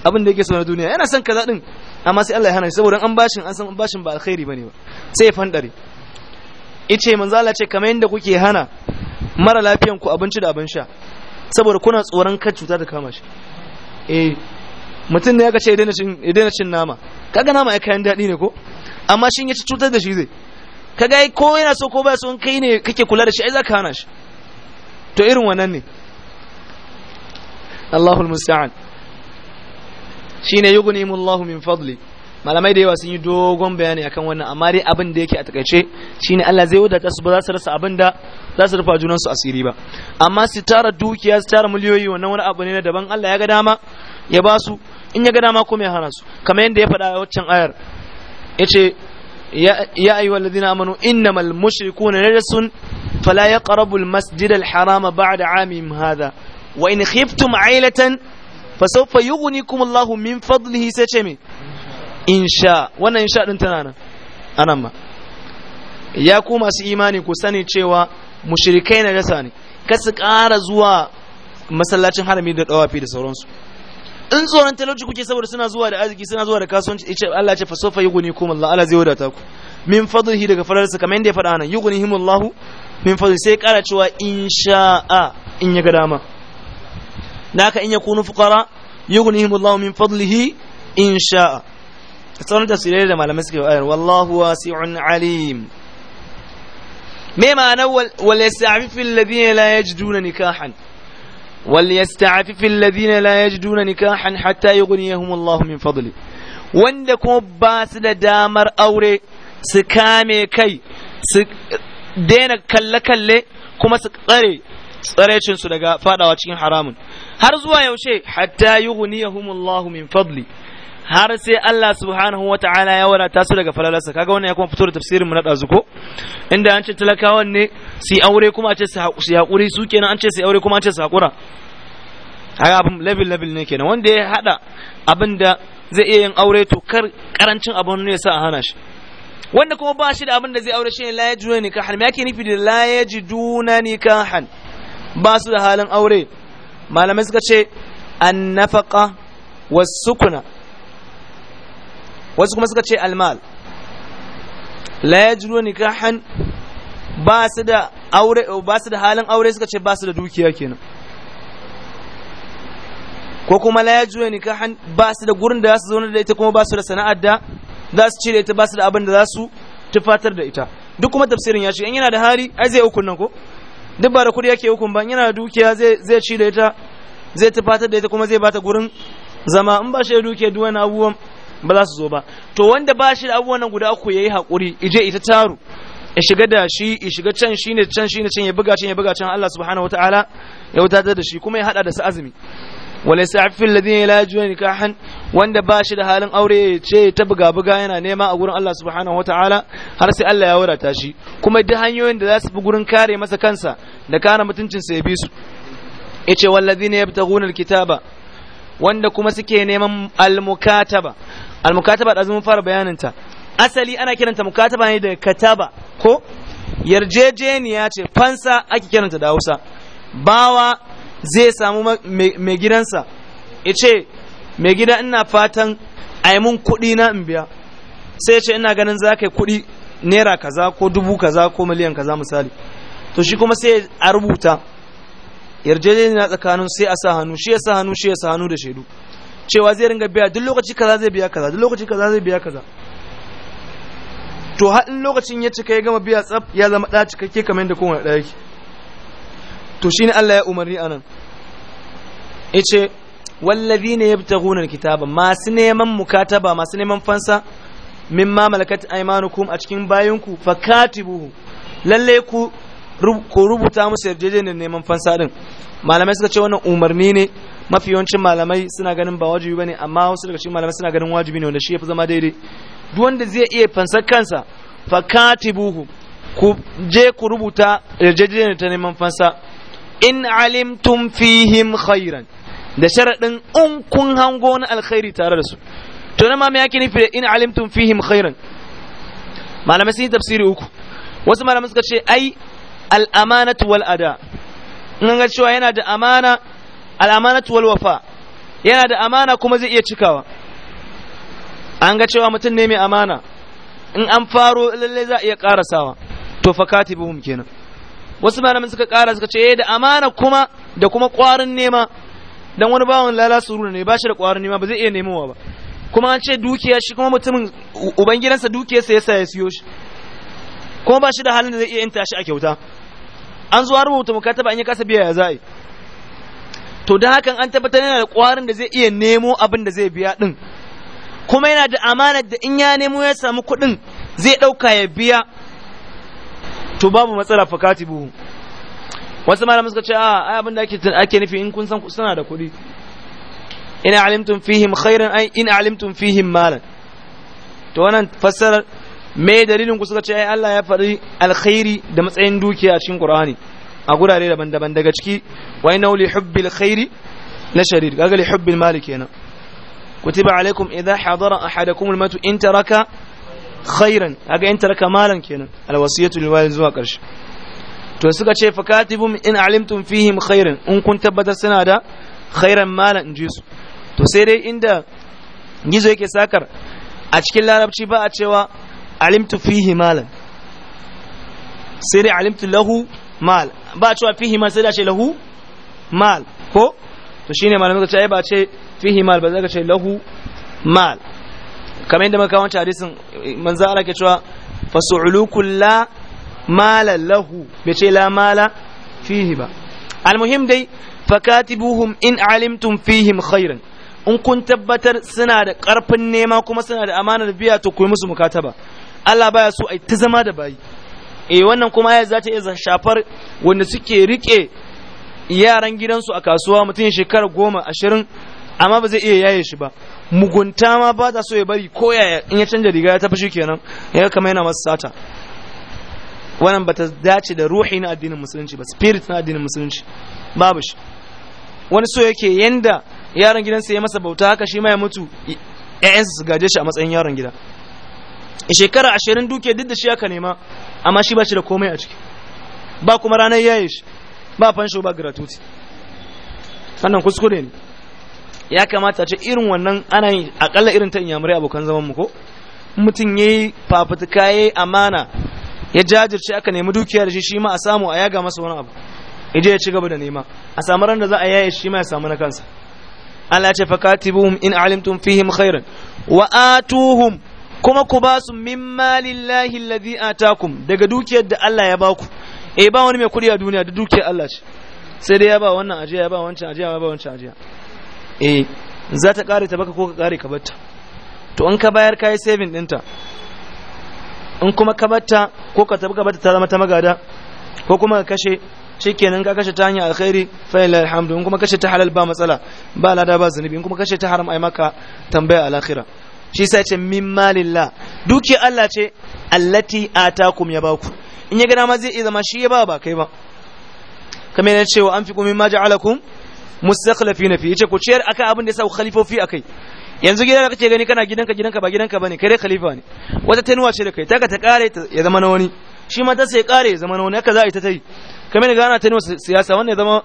abin da yake so na duniya yana son kaza din amma sai Allah ya hana shi saboda an bashin an san bashin ba alkhairi bane ba sai ya fandare ice manzo Allah ce kamar yadda kuke hana mara lafiyan ku abinci da abin sha saboda kuna tsoron kar cuta ta kama shi eh mutum ne ya ce ya daina cin nama kaga nama ya kayan daɗi ne ko amma shin ya ci cutar da shi zai kaga ko yana so ko baya so in kai ne kake kula da shi ai za ka hana shi to irin wannan ne Allahul musta'an shine Allahu min fadli malamai da yawa sun yi dogon bayani akan wannan amma dai abin da yake a takaice shine Allah zai wadata su ba za su rasa abin da za su rufa junan su asiri ba amma sitara tara dukiya su miliyoyi wannan wani abu ne na daban Allah ya ga dama ya ba su in ya ga dama kuma ya hana su kamar yadda ya faɗa a waccan ayar yace ya ayyuhal ladina amanu innamal mushrikuna najasun fala yaqrabu al masjid al harama ba'da amihim hadha wa in khiftum ailatan sawfa yughnikum Allahu min fadlihi sai ce insha wannan insha din tana nan anan ma ya ku masu imani ku sani cewa mushrikai na dasa ne ka su ƙara zuwa masallacin harami da ɗawafi da sauransu in tsoron talauci kuke saboda suna zuwa da arziki suna zuwa da kasuwanci ice Allah ce fa sofa yuguni kum Allah Allah zai wadata ku min fadlihi daga fadalarsa kamar yadda ya faɗa nan yugunihim Allah min fadli sai ƙara cewa insha'a in ya ga dama naka in ya yakunu fuqara yugunihim Allah min fadlihi insha'a sauran tafsirai da malamai suke ayar wallahu wasi'un alim me ma'anar wal yasta'fifu alladhina la yajiduna nikahan wal yasta'fifu alladhina la yajiduna nikahan hatta yughniyahum Allah min fadli wanda kuma ba su da damar aure su kame kai su daina kalle-kalle kuma su tsare tsarecinsu daga fadawa cikin haramun har zuwa yaushe hatta yughniyahum Allah min fadli har sai Allah subhanahu wa ta'ala ya wadata su daga falalarsa kaga wannan ya kuma fito da tafsirin mu na dazu ko inda an ce talakawan ne su aure kuma a ce su haƙuri su kenan an ce su aure kuma an ce su haƙura haka abin level level ne kenan wanda ya hada abin da zai iya yin aure to kar karancin abin ne ya sa a hana shi wanda kuma ba shi da abin da zai aure shi ne la yajiduna nikahan me yake nufi da la yajiduna nikahan ba su da halin aure malamai suka ce an nafaqa wasu sukuna wasu kuma suka ce almal la yajru nikahan ba su da aure ba su da halin aure suka ce ba su da dukiya kenan ko kuma la yajru nikahan ba su da gurin da za su zauna da ita kuma ba su da sana'ar da za su cire ita ba su da abin da za su tufatar da ita duk kuma tafsirin ya ce in yana da hali ai zai hukun nan ko duk ba da kuɗi yake hukun ba yana da dukiya zai zai ci da ita zai tufatar da ita kuma zai bata gurin zama in ba shi da dukiya duk wani abubuwan ba za su zo ba to wanda ba shi da abubuwan nan guda uku yayi hakuri ije ita taru ya shiga da shi ya shiga can ne can ne can ya buga can ya buga can Allah subhanahu wataala ya wadatar da shi kuma ya hada da su azumi wala sa'fil ladina la yajuna nikahan wanda ba shi da halin aure ya ce ta buga buga yana nema a gurin Allah subhanahu wataala har sai Allah ya wadata shi kuma duk hanyoyin da za su bi gurin kare masa kansa da kare sa ya bi su yace wallazina yabtaguna alkitaba wanda kuma suke neman almukataba al-mukataba da mun fara bayanin ta asali ana kiranta mukataba ne daga kataba ko yarjejeniya ce fansa ake kiranta da Hausa bawa zai samu mai gidansa yace mai gida ina fatan ai mun kuɗi na in biya sai ce ina ganin zakayi kudi kuɗi naira kaza ko dubu kaza ko miliyan kaza misali to shi kuma sai a rubuta yarjejeniya tsakanin sai a sa hannu shi ya sa hannu shi ya sa hannu da shaidu cewa zai ringa biya duk lokaci kaza zai biya kaza duk lokaci kaza zai biya kaza to har in lokacin ya cika ya gama biya tsaf ya zama da cikakke kamar yadda kowane ɗaya yake to shine Allah ya umarni anan yace wallazina yabtaguna alkitaba masu neman mukataba masu neman fansa mimma malakat aymanukum a cikin bayinku fakatibuhu lalle ku ko rubuta musu yarjejeniyar neman fansa din malamai suka ce wannan umarni ne mafi yawancin malamai suna ganin ba wajibi bane amma wasu daga cikin malamai suna ganin wajibi ne wanda shi yafi zama daidai duk wanda zai iya fansar kansa katibuhu ku je ku rubuta yarjejeniyar ta neman fansa in alimtum fihim khairan da sharadin in kun hango na alkhairi tare da su to na ma me yake nufi da in alimtum fihim khairan malamai sun yi tafsiri uku wasu malamai suka ce ai al'amanatu wal ada in ga cewa yana da amana al'amanatu wal wafa yana da amana kuma zai iya cikawa an ga cewa mutum ne mai amana in an faro lalle za a iya karasawa to fakati katibuhum kenan wasu malamin suka kara suka ce eh, da amana kuma da kuma kwarin nema dan wani bawon lala sururu ne ba shi da kwarin nema ba zai iya nemowa ba kuma an ce dukiya shi kuma mutumin ubangidansa dukiyarsa yasa ya siyo shi kuma ba shi da halin da zai iya yanta shi a kyauta an zo rubuta mukataba an yi kasa biya ya za'a to da hakan an tabbatar yana da kwarin da zai iya nemo abin da zai biya ɗin kuma yana da amana da in ya nemo ya samu kuɗin zai ɗauka ya biya to babu matsala fakati buhu wasu malamin suka ce a abin da ake ake nufi in kun san suna da kuɗi Ina alimtum fihim khairan ai in alimtum fihim malan to wannan fassarar me dalilin ku suka ce ai Allah ya faɗi alkhairi da matsayin dukiya a cikin Qur'ani a gurare daban-daban daga ciki wai inna li hubbil khairi la kaga li hubbil mali kenan kutiba alaikum idha hadara ahadakum al mautu in taraka khairan kaga in malan kenan al wasiyatu zuwa karshe to suka ce fakatibum in alimtum fihim khairan in kun tabbatar suna da khairan malan ji su to sai dai inda gizo yake sakar a cikin larabci ba a cewa alimtu fihi malan sai dai alimtu lahu mal ba cewa fihi man sai da ce lahu mal ko to shine malamai ka ce ai ba ce fihi mal ba zai ka ce lahu mal kamar yadda muka wancan hadisin manzo Allah ke cewa fasu'ulukul la mala lahu bai ce la mala fihi ba almuhim dai fakatibuhum in alimtum fihim khairan in kun tabbatar suna da karfin nema kuma suna da amanar biya to ku yi musu mukataba Allah baya so ai ta zama da bayi eh wannan kuma ya za ta iya shafar wanda suke rike yaran gidansu a kasuwa mutum shekara goma ashirin amma ba zai iya yaye shi ba mugunta ma ba ta so ya bari ko yaya in ya canja riga ya tafi shi kenan ya kama yana masa sata wannan bata dace da ruhi na addinin musulunci ba spirit na addinin musulunci babu shi wani so yake yanda yaran gidansa ya masa bauta haka shi ma ya mutu ƴaƴansa su gaje shi a matsayin yaron gida shekara ashirin duke duk da shi aka nema amma shi ba shi da komai a ciki ba kuma ranar yayi shi ba fansho ba gratuity sannan kuskure ne ya kamata ce irin wannan ana yi akalla irin ta inyamurai abokan zaman mu ko mutum ya yi fafutuka ya yi amana ya jajirce aka nemi dukiya da shi shi ma a samu a yaga masa wani abu ije ya ci gaba da nema a samu ran da za a yaye shi ma ya samu na kansa Allah ya ce fakatibuhum in alimtum fihim khairan wa atuhum kuma ku ba su mimma lillahi allazi atakum daga dukiyar da Allah ya baku eh ba wani mai kudi a duniya da dukiyar Allah ce sai dai ya ba wannan ajiya ya ba wancan ajiya ya ba wancan ajiya eh za ta kare ta baka ko ka kare ka batta to in ka bayar kai saving dinta in kuma ka batta ko ka tabbata batta ta zama ta magada ko kuma ka kashe shikenan ka kashe ta hanyar alkhairi fa lillahi alhamdu in kuma kashe ta halal ba matsala ba lada ba zunubi in kuma kashe ta haram ai maka tambaya al shi sai ce min malillah duki Allah ce allati atakum ya baku in ya gana ma zai iya zama shi ya ba ba kai ba kame ne cewa an fi kuma mimma ja'alakum mustakhlifina fi yace ku ciyar akan abin da ya sa khalifofi akai yanzu gidan da kake gani kana gidanka gidanka ba gidanka bane kai dai khalifa ne wata tanuwa ce da kai taka ta kare ya zama na wani shi ma ta sai kare ya zama na wani haka za a yi ta tai kame ne gana tanuwa siyasa wannan ya zama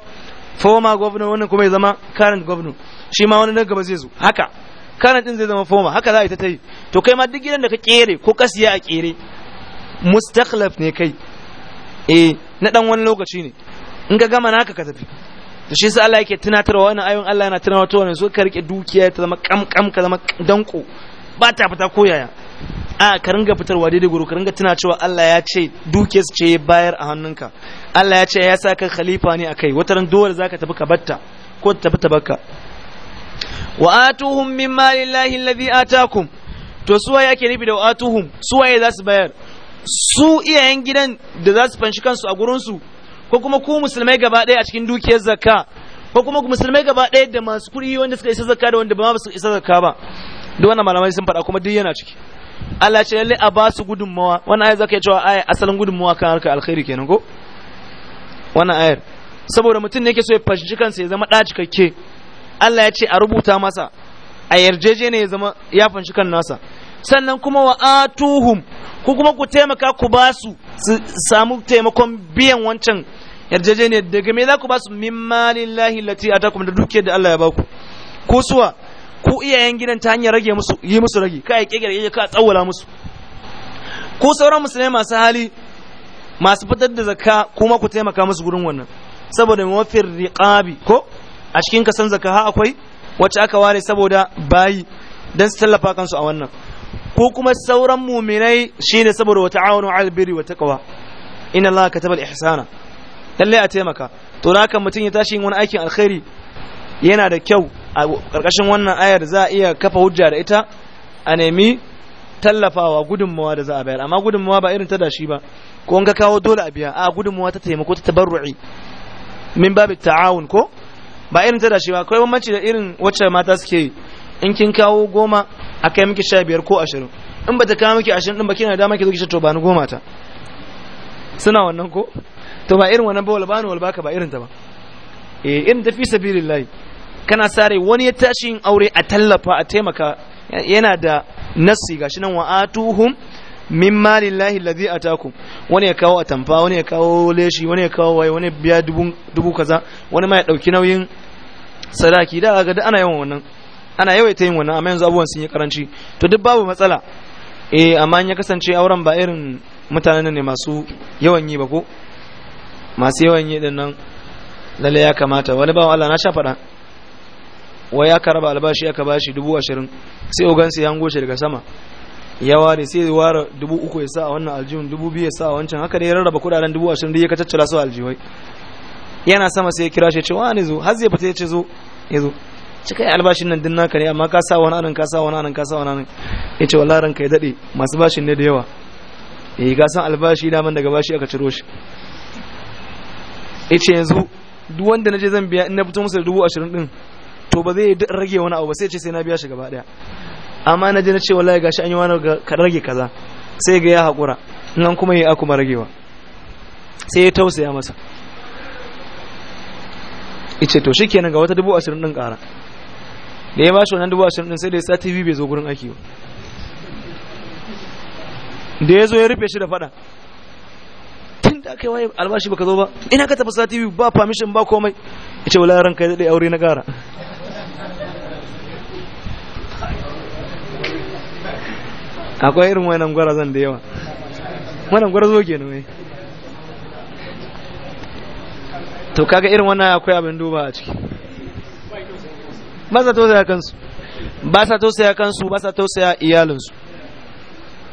former governor wannan kuma ya zama current governor shi ma wani nan gaba zai zo haka kana din zai zama foma haka za a yi ta yi to kai ma duk gidan da ka kere ko ka siya a kere mustaklaf ne kai eh na dan wani lokaci ne in ka gama naka ka tafi to shi sa Allah yake tunatarwa wannan ayoyin Allah yana tunatarwa to wannan so ka rike dukiya ta zama kam ka zama danko ba ta fita ko yaya a ka ringa fitarwa daidai guru ka ringa tuna cewa Allah ya ce duke su ce bayar a hannunka Allah ya ce ya sa ka khalifa ne akai wataran dole zaka tafi ka batta ko tafi ta baka. wa atuhum min llahi alladhi atakum to su waye ake nufi da wa atuhum su waye za su bayar su iyayen gidan da za su fanshi kansu a gurin su ko kuma ku musulmai gaba ɗaya a cikin dukiyar zakka ko kuma ku musulmai gaba ɗaya da masu kuɗi wanda suka isa zakka da wanda ba su isa zakka ba duk wannan malamai sun faɗa kuma duk yana ciki Allah ce lalle a ba su gudunmawa wannan ayar zaka cewa ayar asalin gudunmawa kan harkar alkhairi kenan ko wannan ayar saboda mutum ne yake so ya fashi kansa ya zama ɗa cikakke Allah ya ce a rubuta masa a yarjeje ne ya zama ya fanshi kan nasa sannan kuma wa atuhum ku kuma ku taimaka ku ba su samu taimakon biyan wancan yarjeje ne daga me za ku ba su min malillahi lati atakum da duke da Allah ya baku ku suwa ku iyayen gidan ta hanyar rage musu yi musu rage kai kike ka tsawwala musu ku sauran musulmai masu hali masu fitar da zakka kuma ku taimaka musu gurin wannan saboda mafir riqabi ko a cikin ka kasan zakaha akwai wacce aka ware saboda bayi dan su tallafa kansu a wannan ko kuma sauran muminai shine saboda wata al albiri wa taqwa inna allaha kataba al-ihsana lalle a taimaka to da haka mutum ya tashi yin wani aikin alkhairi yana da kyau a karkashin wannan ayar za a iya kafa hujja da ita a nemi tallafawa gudunmawa da za a bayar amma gudunmawa ba irin ta dashi ba ko in ka kawo dole a biya a gudunmawa ta taimako ta tabarru'i min babu ta'awun ko ba irin ta dashi ba akwai bambanci da irin wacce mata suke in kin kawo goma a kai miki sha biyar ko ashirin in ba ta kawo miki ashirin din ba kina da dama ki zo ki to ba ni goma ta suna wannan ko to ba irin wannan ba walba ni walba ba irin ta ba eh irin fi sabilillahi kana sare wani ya tashi yin aure a tallafa a taimaka yana da nasi gashi nan wa atuhum min malillahi a taku wani ya kawo tamfa wani ya kawo leshi wani ya kawo waye wani biya dubu kaza wani ma ya dauki nauyin sadaki da ga ana yawan wannan ana yawaita yin wannan amma yanzu abubuwan sun yi karanci to duk babu matsala eh amma ya kasance auren ba irin mutanen ne masu yawan yi ba ko masu yawan yi din nan lalle ya kamata wani bawan Allah na sha fada wai ya raba albashi aka bashi dubu ashirin sai ogansu ya hango shi daga sama ya ware sai ya ware dubu uku ya sa a wannan aljihun dubu biyu ya sa a wancan haka ne ya rarraba kudaden dubu ashirin da ya kacaccala su aljihai yana sama sai ya kira shi ya ce ne zo har zai fita ya ce zo ya zo cika yi albashin nan din naka ne amma ka sa wani anan ka sa wani anan ka sa wani anan ya ce wallahi ranka ya daɗe masu bashin ne da yawa ya eh, yi san albashi daman daga bashi aka ciro shi ya ce yanzu duk wanda na je zan biya in na fito musu da dubu ashirin din to ba zai rage wani abu ba sai ce sai na biya shi gaba ɗaya amma na ji na ce wallahi gashi an yi wani ka rage kaza sai ga ya haƙura nan kuma ya kuma ragewa sai ya tausaya masa ice to shikenan ga wata dubu ashirin din ƙara da ya bashi wannan dubu ashirin din sai da ya sa tv bai zo gurin aiki ba da ya zo ya rufe shi da fada tun da aka yi waye albashi baka zo ba ina ka tafi sati ba permission ba komai ice wallahi wala ranka zai daɗe aure na ƙara akwai irin wannan gwarazan da yawa wannan gwarazo ke nume eh. to kaga irin wannan akwai abin duba a ciki ba sa tausaya kansu ba sa tausaya kansu ba sa tausaya iyalinsu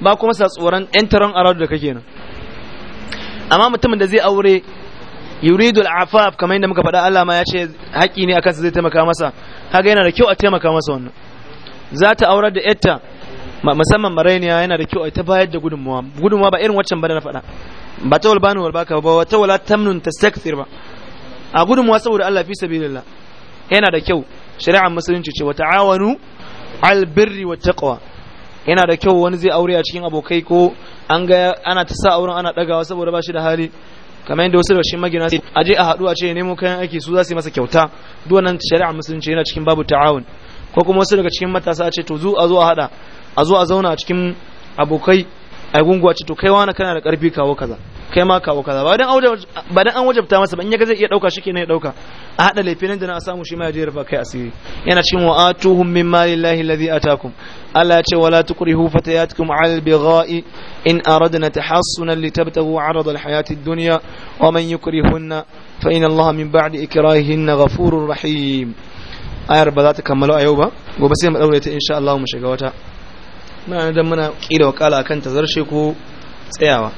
ba kuma sa tsoron yan taron aradu da kake nan amma mutumin da zai aure yuridu al'afaf kamar yadda muka faɗa Allah ma ya ce haƙi ne akan kansa zai taimaka masa kaga yana da kyau a taimaka masa wannan za ta aurar da ita. musamman marainiya yana da kyau a ta bayar da gudunmuwa gudunmuwa ba irin waccan ba da na faɗa ba ta walbanu walbaka ba ta wala tamnun ta tastakthir ba a gudunmuwa saboda Allah fi sabilillah yana da kyau shari'ar musulunci ce wa ta'awanu al birri wat taqwa yana da kyau wani zai aure a cikin abokai ko an ga ana ta sa auren ana dagawa saboda ba shi da hali kamar yadda wasu da shi magina a je a haɗu a ce nemo kayan aiki su za su yi masa kyauta duk wannan shari'ar musulunci yana cikin babu ta'awun ko kuma wasu daga cikin matasa a ce to zu a zo a haɗa a zo a zauna a cikin abokai a gunguwa ce to kai wani kana da karfi kawo kaza kai ma kawo kaza ba dan an wajabta masa ba in yaga zai iya dauka shikenan ya dauka a hada laifin nan da na samu shi ma ya je rufa kai asiri yana cikin wa atuhum min malillahi alladhi atakum Allah ya ce wala tukrihu fatayatukum ala albigha'i in aradna tahassunan litabtagu arada alhayati ad-dunya wa man yukrihunna fa inna Allah min ba'di ikrahihinna ghafurur rahim ayar ba za ta kammala a yau ba gobe sai mu daure ta insha Allah mu shiga wata muna da muna wa wakala akan tazarshe ko tsayawa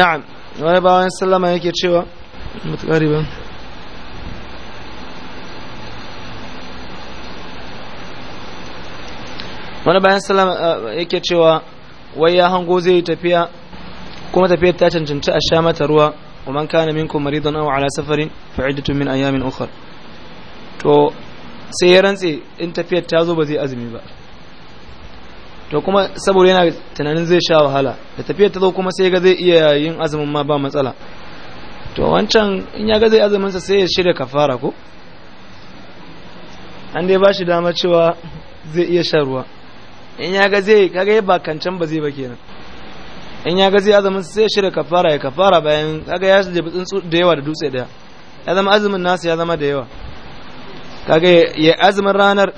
na'am wani bawan sallama yake cewa mutukari ba wani bayan sallama eh, yake cewa wai ya hango zai tafiya kuma tafiyar ta cancanci a sha mata ruwa wa man kana minkum maridan aw ala safarin fa iddatu min ayamin ukhra to sai ya rantse in tafiyar ta zo ba zai azumi ba to kuma saboda yana tunanin zai sha wahala da tafiyar ta zo kuma sai ga zai iya yin azumin ma ba matsala to wancan in ya ga zai azumin sa sai ya shirya kafara ko an dai ba shi dama cewa zai iya shan ruwa in ya ga zai kaga ba kancan ba zai ba kenan in ya ga zai azumin sa sai ya shirya kafara ya kafara bayan kaga ya jabi tsuntsu da yawa da dutse daya ya zama azumin nasa ya zama da yawa kaga ya azumin ranar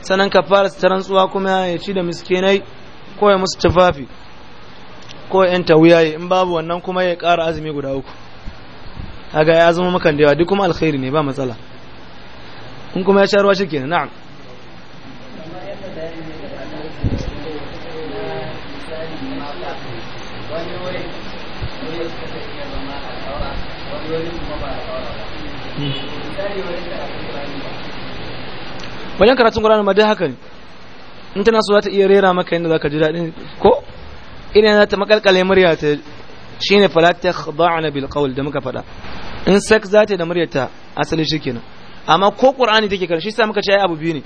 sanan kafara ta rantsuwa kuma ya ci da miskinai ko ya musu tufafi ko ya yanta wuya in babu wannan kuma ya ƙara azumi guda uku a ga ya zama makan dewa duk kuma alkhairi ne ba matsala in kuma ya sha ruwa na na'am wajen karatun Qur'ani ma dai haka ne in tana so za ta iya rera maka yadda ka ji daɗin ko ina za ta makalkale murya ta shine ne ta khada'na bil qawl da muka faɗa in sak za ta da muryarta asali kenan amma ko Qur'ani take karanta shi sa muka ce ai abu biyu ne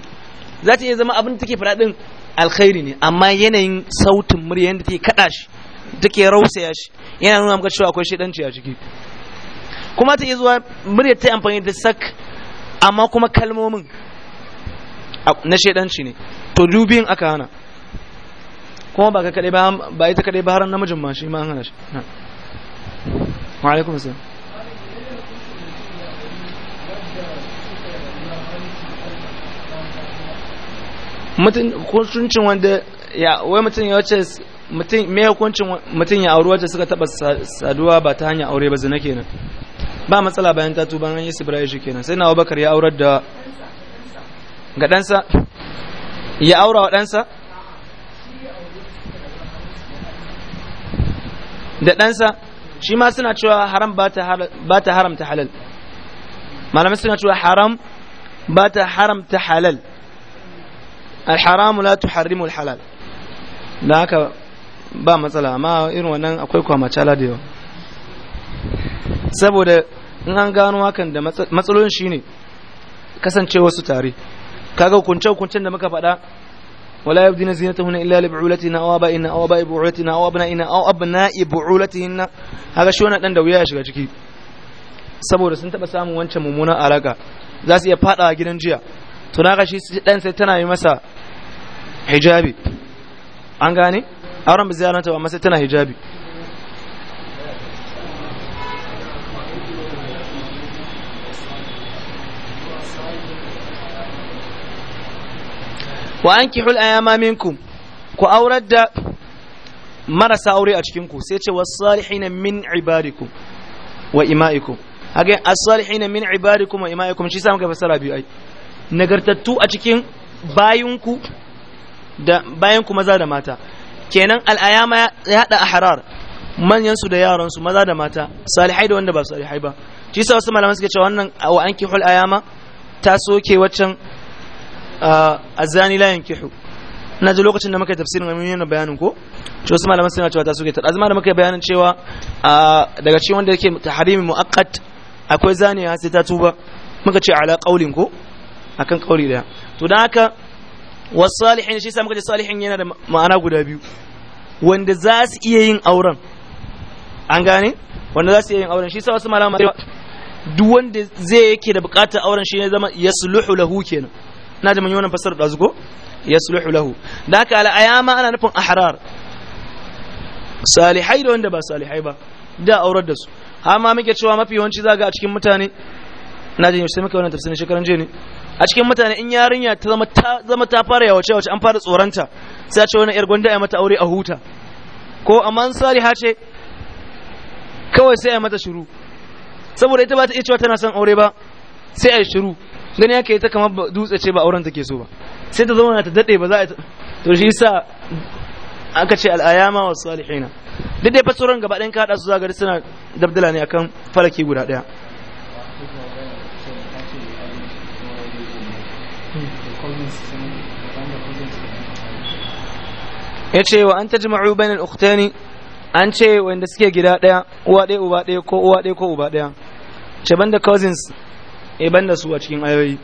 za ta iya zama abin da take faɗa din alkhairi ne amma yanayin sautin murya yadda take kaɗa shi take rausaya shi yana nuna maka cewa akwai shaidanci a ciki kuma ta iya zuwa murya ta amfani da sak amma kuma kalmomin na shaidanci ne to dubin aka hana kuma ba ka kadai ba ba ita kadai ba har namijin ma shi ma an hana shi wa alaikum assalam mutum kuncin wanda ya wai mutum ya wace mutum me hukuncin mutum ya auri wacce suka taba saduwa ba ta hanyar aure ba zina kenan ba matsala bayan ta tuba an yi sibira shi kenan sai na Abubakar ya aurar da ga ɗansa ya aura wa ɗansa da ɗansa shi ma suna cewa haram ba ta haramta halal malamai suna cewa haram ba ta haramta halal alharamu la harimu halal da haka ba matsala amma irin wannan akwai kwamacala da yawa saboda in an gano hakan da matsalolin shine kasancewa su tare kaga hukunce hukuncen da muka faɗa wala yabdina zinatahunna illa li bu'ulatina aw aba'ina aw aba'i bu'ulatina aw abna'ina aw abna'i bu'ulatihinna haga shi wannan dan da wuya ya shiga ciki saboda sun taba samun wancan mummunan alaka za su iya fada gidan jiya to naga shi dan sai tana yi masa hijabi an gane auren bizaranta ba masa tana hijabi wa ankihul ayama ku aurar da marasa aure a cikin ku sai ce wa wasalihina min ibadikum wa ima'ikum haka as-salihina min ibadikum wa ima'ikum shi sa muka fassara biyu ai nagartattu a cikin bayinku da maza da mata kenan al'ayama ya hada ahrar manyan su da yaran su maza da mata salihai da wanda ba salihai ba shi sa wasu malaman suke cewa wannan wa ankihul ayama ta soke waccan azani la yankihu na ji lokacin da muka tafsirin amin yana bayanin ko ce wasu malaman suna cewa ta suke tar azma da muka bayanin cewa daga cikin wanda yake tahrimi muaqqat akwai zaniya sai ta tuba muka ce ala qaulin ko akan qauli daya to dan haka salihin shi sa muka ce salihin yana da ma'ana guda biyu wanda za su iya yin auren an gane wanda za su iya yin auren shi sa wasu malaman duk wanda zai yake da bukatar auren shi ne zama yasluhu lahu kenan na ji mun yi fasar da zugo yasluhu lahu da haka al ayama ana nufin ahrar salihai da wanda ba salihai ba da aurar da su amma ma muke cewa mafi yawanci zaga a cikin mutane na ji sai muka wannan tafsirin shekaran je ne a cikin mutane in yarinya ta zama ta zama ta fara yawace wace an fara tsoranta sai a ce wani yar gwanda ya mata aure a huta ko amma saliha ce kawai sai a mata shiru saboda ita ba ta iya cewa tana son aure ba sai a yi shiru gani yake ta kamar dutse ce ba auren take so ba sai ta zauna ta dade ba za a to shi yasa aka ce al'ayama wa salihina duk dai fasoran gaba ɗayan kaɗa su zagari suna dabdala ne akan falaki guda ɗaya ya ce wa an ta bainal ukhtani an ce wanda suke gida daya uwa ɗaya uba ɗaya ko uwa ɗaya ko uba ɗaya ce banda cousins ban eh, banda su a cikin ayoyi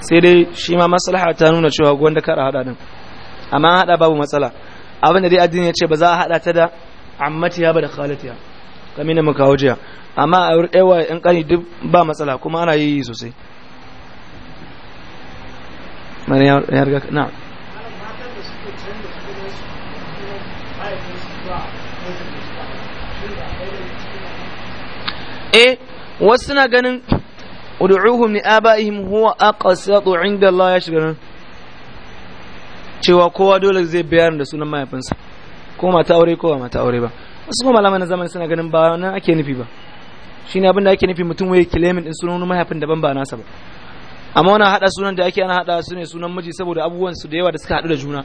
sai dai shi ma maslaha ta nuna cewa gwan da a hada din amma hada babu matsala abin da dai addini ya ce ba za a hada ta da ammatiya ba da khalatiya kamin mu kawo jiya amma a wurin ɗaya yan kani duk ba matsala kuma ana yi sosai eh wasu na ganin ud'uhum li abaihim huwa aqsatu 'inda Allah ya shiga nan cewa kowa dole zai bayar da sunan mahaifinsa ko mata aure ko mata aure ba wasu kuma malaman zamani suna ganin ba nan ake nufi ba shine abin da ake nufi mutum waye claiming din sunan mahaifin daban ba nasa ba amma wannan hada sunan da ake ana hada su ne sunan miji saboda abubuwan su da yawa da suka hadu da juna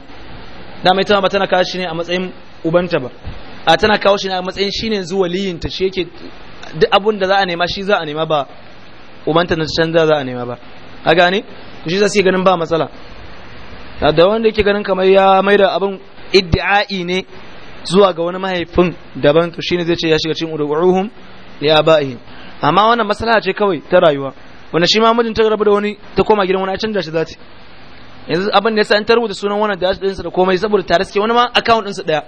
da mai tana ba tana kawo shi ne a matsayin ubanta ba a tana kawo shi ne a matsayin shine yanzu ta shi yake duk abun da za a nema shi za a nema ba umanta na canza za a nema ba a gane shi zasu yi ganin ba matsala da wanda yake ganin kamar ya mai da abin iddi'a'i ne zuwa ga wani mahaifin daban to shine zai ce ya shiga cikin udu'uhum li aba'ihim amma wannan maslaha ce kawai ta rayuwa wanda shi ma mijin ta rabu da wani ta koma gidan wani a canja shi zati yanzu abin da yasa an tarbuta sunan wannan da sa da komai saboda tare suke wani ma account ɗinsa ɗaya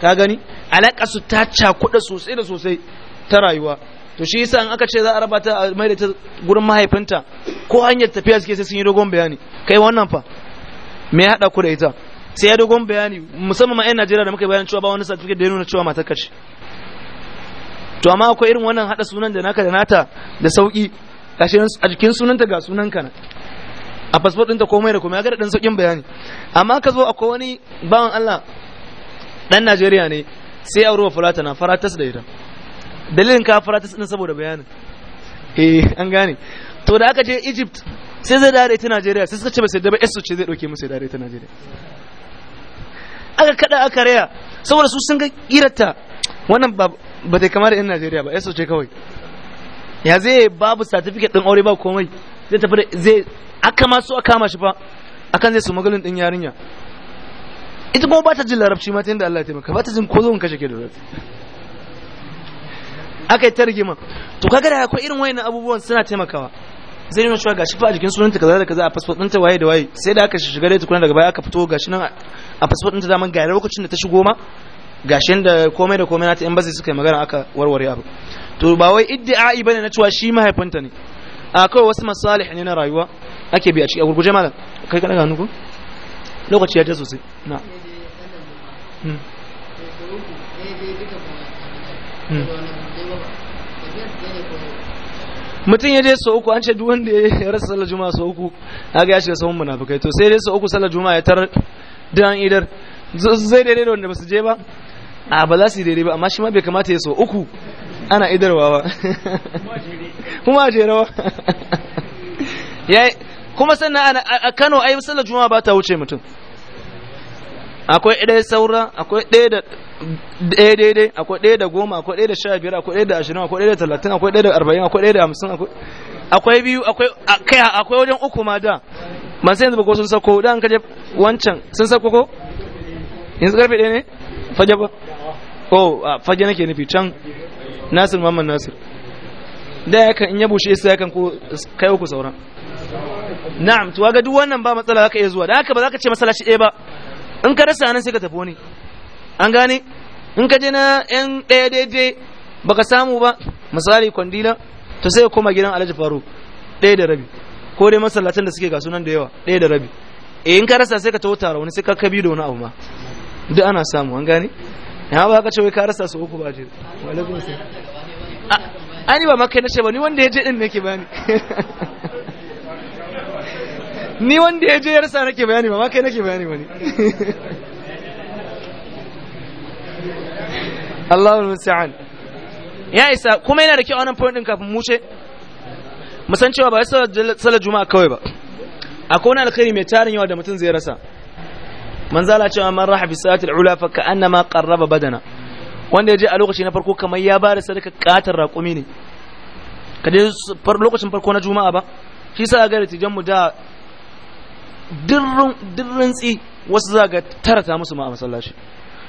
ka gani alaƙa su ta cakuɗa sosai da sosai ta rayuwa to shi yasa in aka ce za a raba ta a mai da ta gurin mahaifinta ko hanyar tafiya suke sai sun yi dogon bayani kai wannan fa me ya haɗa ku da ita sai ya dogon bayani musamman ma 'yan najeriya da muka bayani cewa ba wani certificate da ya nuna cewa matar ce to amma akwai irin wannan haɗa sunan da naka da nata da sauƙi a jikin sunanta ga sunan ka a fasfot ɗinta komai da komai ya gada ɗan sauƙin bayani amma ka zo akwai wani bawan allah ɗan najeriya ne sai ya aure wa fulatana faratas da ita dalilin kafara ta sinin saboda bayanin eh an gane to da aka je Egypt sai zai dare ta Najeriya sai suka ce ba sai da ba su ce zai dauke musu dare ta Najeriya aka kada aka raya saboda su sun ga kirata wannan ba ba dai kamar in Najeriya ba esu ce kawai ya zai babu certificate din aure ba komai zai tafi da zai aka ma su aka kama shi fa akan zai su magalin din yarinya ita kuma ba ta jin larabci ma ta yadda Allah ya taimaka ba ta jin ko zo in kashe ke da larabci aka yi ta rigima to kaga da akwai irin wayannan abubuwan suna taimakawa zai nuna cewa gashi fa a jikin sunanta kaza da kaza a passport ɗinta waye da waye sai da aka shiga da tukuna daga baya aka fito gashi nan a passport ɗinta zaman ga lokacin da ta shigo ma gashi da komai da komai na ta nata bazai suka yi magana aka warware abu to ba wai iddi'ai bane na cewa shi mahaifinta ne a kawai wasu masalih ne na rayuwa ake bi a cikin gurguje malam kai kana daga hannu lokaci ya ta sosai na hmm. hmm. mutum ya je sau uku an ce duk wanda ya rasa sallar juma'a sau uku ga ya shiga sahun munafukai to sai dai sau uku sallar juma'a ya tar dan idar zai daidai da wanda ba su je ba a ba za su yi daidai ba amma shi ma bai kamata ya sau uku ana idarwa ba [laughs] kuma a jerawa [laughs] kuma sannan a kano ai sallar juma'a ba ta wuce mutum akwai ɗaya saura akwai ɗaya da ɗaya daidai akwai ɗaya da goma akwai ɗaya da sha biyar akwai ɗaya da ashirin akwai ɗaya da talatin akwai ɗaya da arba'in akwai ɗaya da hamsin akwai biyu akwai kai akwai wajen uku ma da man sai yanzu ba ko sun sako da an kaje wancan sun sako ko yanzu karfe ɗaya ne fage ba oh fage nake nufi can nasir mamman nasir da ya kan in ya bushe sai yakan ko kai uku sauran na'am to ga duk wannan ba matsala zaka iya zuwa da haka ba zaka ce masallaci ɗaya ba in ka rasa nan sai ka tafi wani an gane in ka je na yan ɗaya daidai baka samu ba misali kwandila to sai ka koma gidan alhaji faru ɗaya da rabi ko dai masallacin da suke ga sunan da yawa ɗaya da rabi eh in ka rasa sai ka tafi tara wani sai ka kabi da wani abu ma duk ana samu an gane ya ba ka ce wai ka rasa su uku ba je wa alaikum assalam ani ba makai na ce ba ni wanda ya je din nake bani [laughs] ni wanda ya je ya rasa nake bayani ba ma kai nake bayani ba ne Allahul musta'an ya isa kuma yana da kyau wannan point din kafin mu ce mu san cewa ba sai salat juma'a kawai ba akwai wani alkhairi mai tarin yawa da mutum zai rasa manzala cewa man raha bi al ula fa ka'annama qarraba badana wanda ya je a lokaci na farko kamar ya ba da sadaka katar raƙumi ne ka dai lokacin farko na juma'a ba shi sa ga da tijan mu da dirrin tsi wasu za ga tarata musu ma a masallaci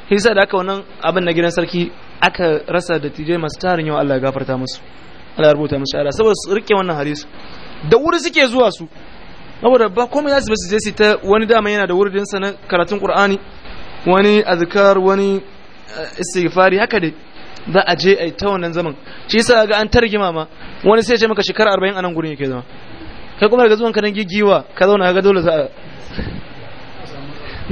hisa da aka wannan abin na gidan sarki aka rasa da tije masu tarin yawan Allah ya gafarta musu Allah ya rubuta musu shahada saboda su rike wannan hadisi da wuri suke zuwa su saboda ba komai za su ba su je su ta wani dama yana da wurin sa na karatun Qur'ani wani azkar wani eh, istighfari haka dai za a je a yi ta wannan zaman shi yasa ga an targima ma wani sai ya ce maka shekara 40 a nan gurin yake zama kai kuma daga zuwan ka nan gigiwa ka zauna ga dole za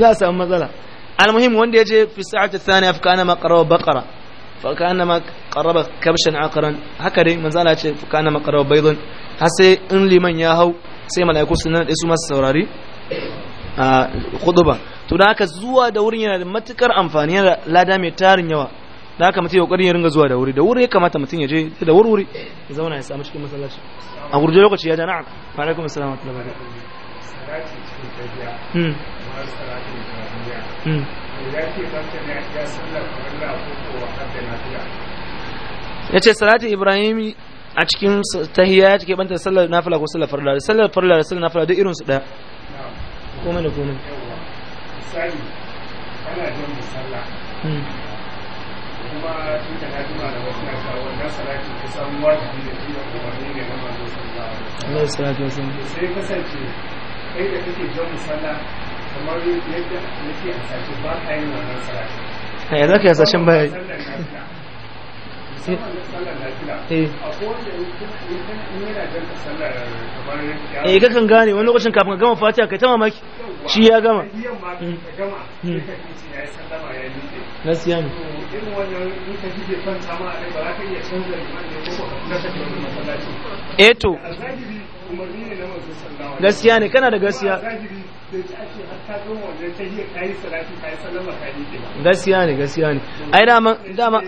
a samu matsala almuhim wanda ya je fi sa'ati thaniya fa kana ma qaraba baqara fa kana ma qaraba kabshan aqran haka dai manzo Allah ce fa kana ma qaraba baydun har sai in liman ya hau sai mala'iku sun nan su masu saurari a khutba to da haka zuwa da wurin yana da matukar amfani yana lada mai tarin yawa da haka mutum kokarin ya ringa zuwa da wuri da wuri ya kamata mutum ya je da wuri wuri ya zauna ya samu cikin masallaci a gurje lokaci ya ja na'am wa alaikum assalam wa rahmatullahi wa barakatuh hmm. Hmm. ya ce salatu ibrahim a cikin tahiyya ya cike banta sallar nafila ko sallar farla sallar farla da sallar nafila duk irin su daya komai da komai misali ana jin musalla hmm. Allah sai kasance kai da ba ka yin wannan salati. yanzu ka ba. Eh kakan eh, gane wani lokacin kafin ka gama fatiha kai ta mamaki shi ya gama. Eh na siyan eto gaskiya ne kana da gaskiya gaskiya ne gaskiya ne ai dama dama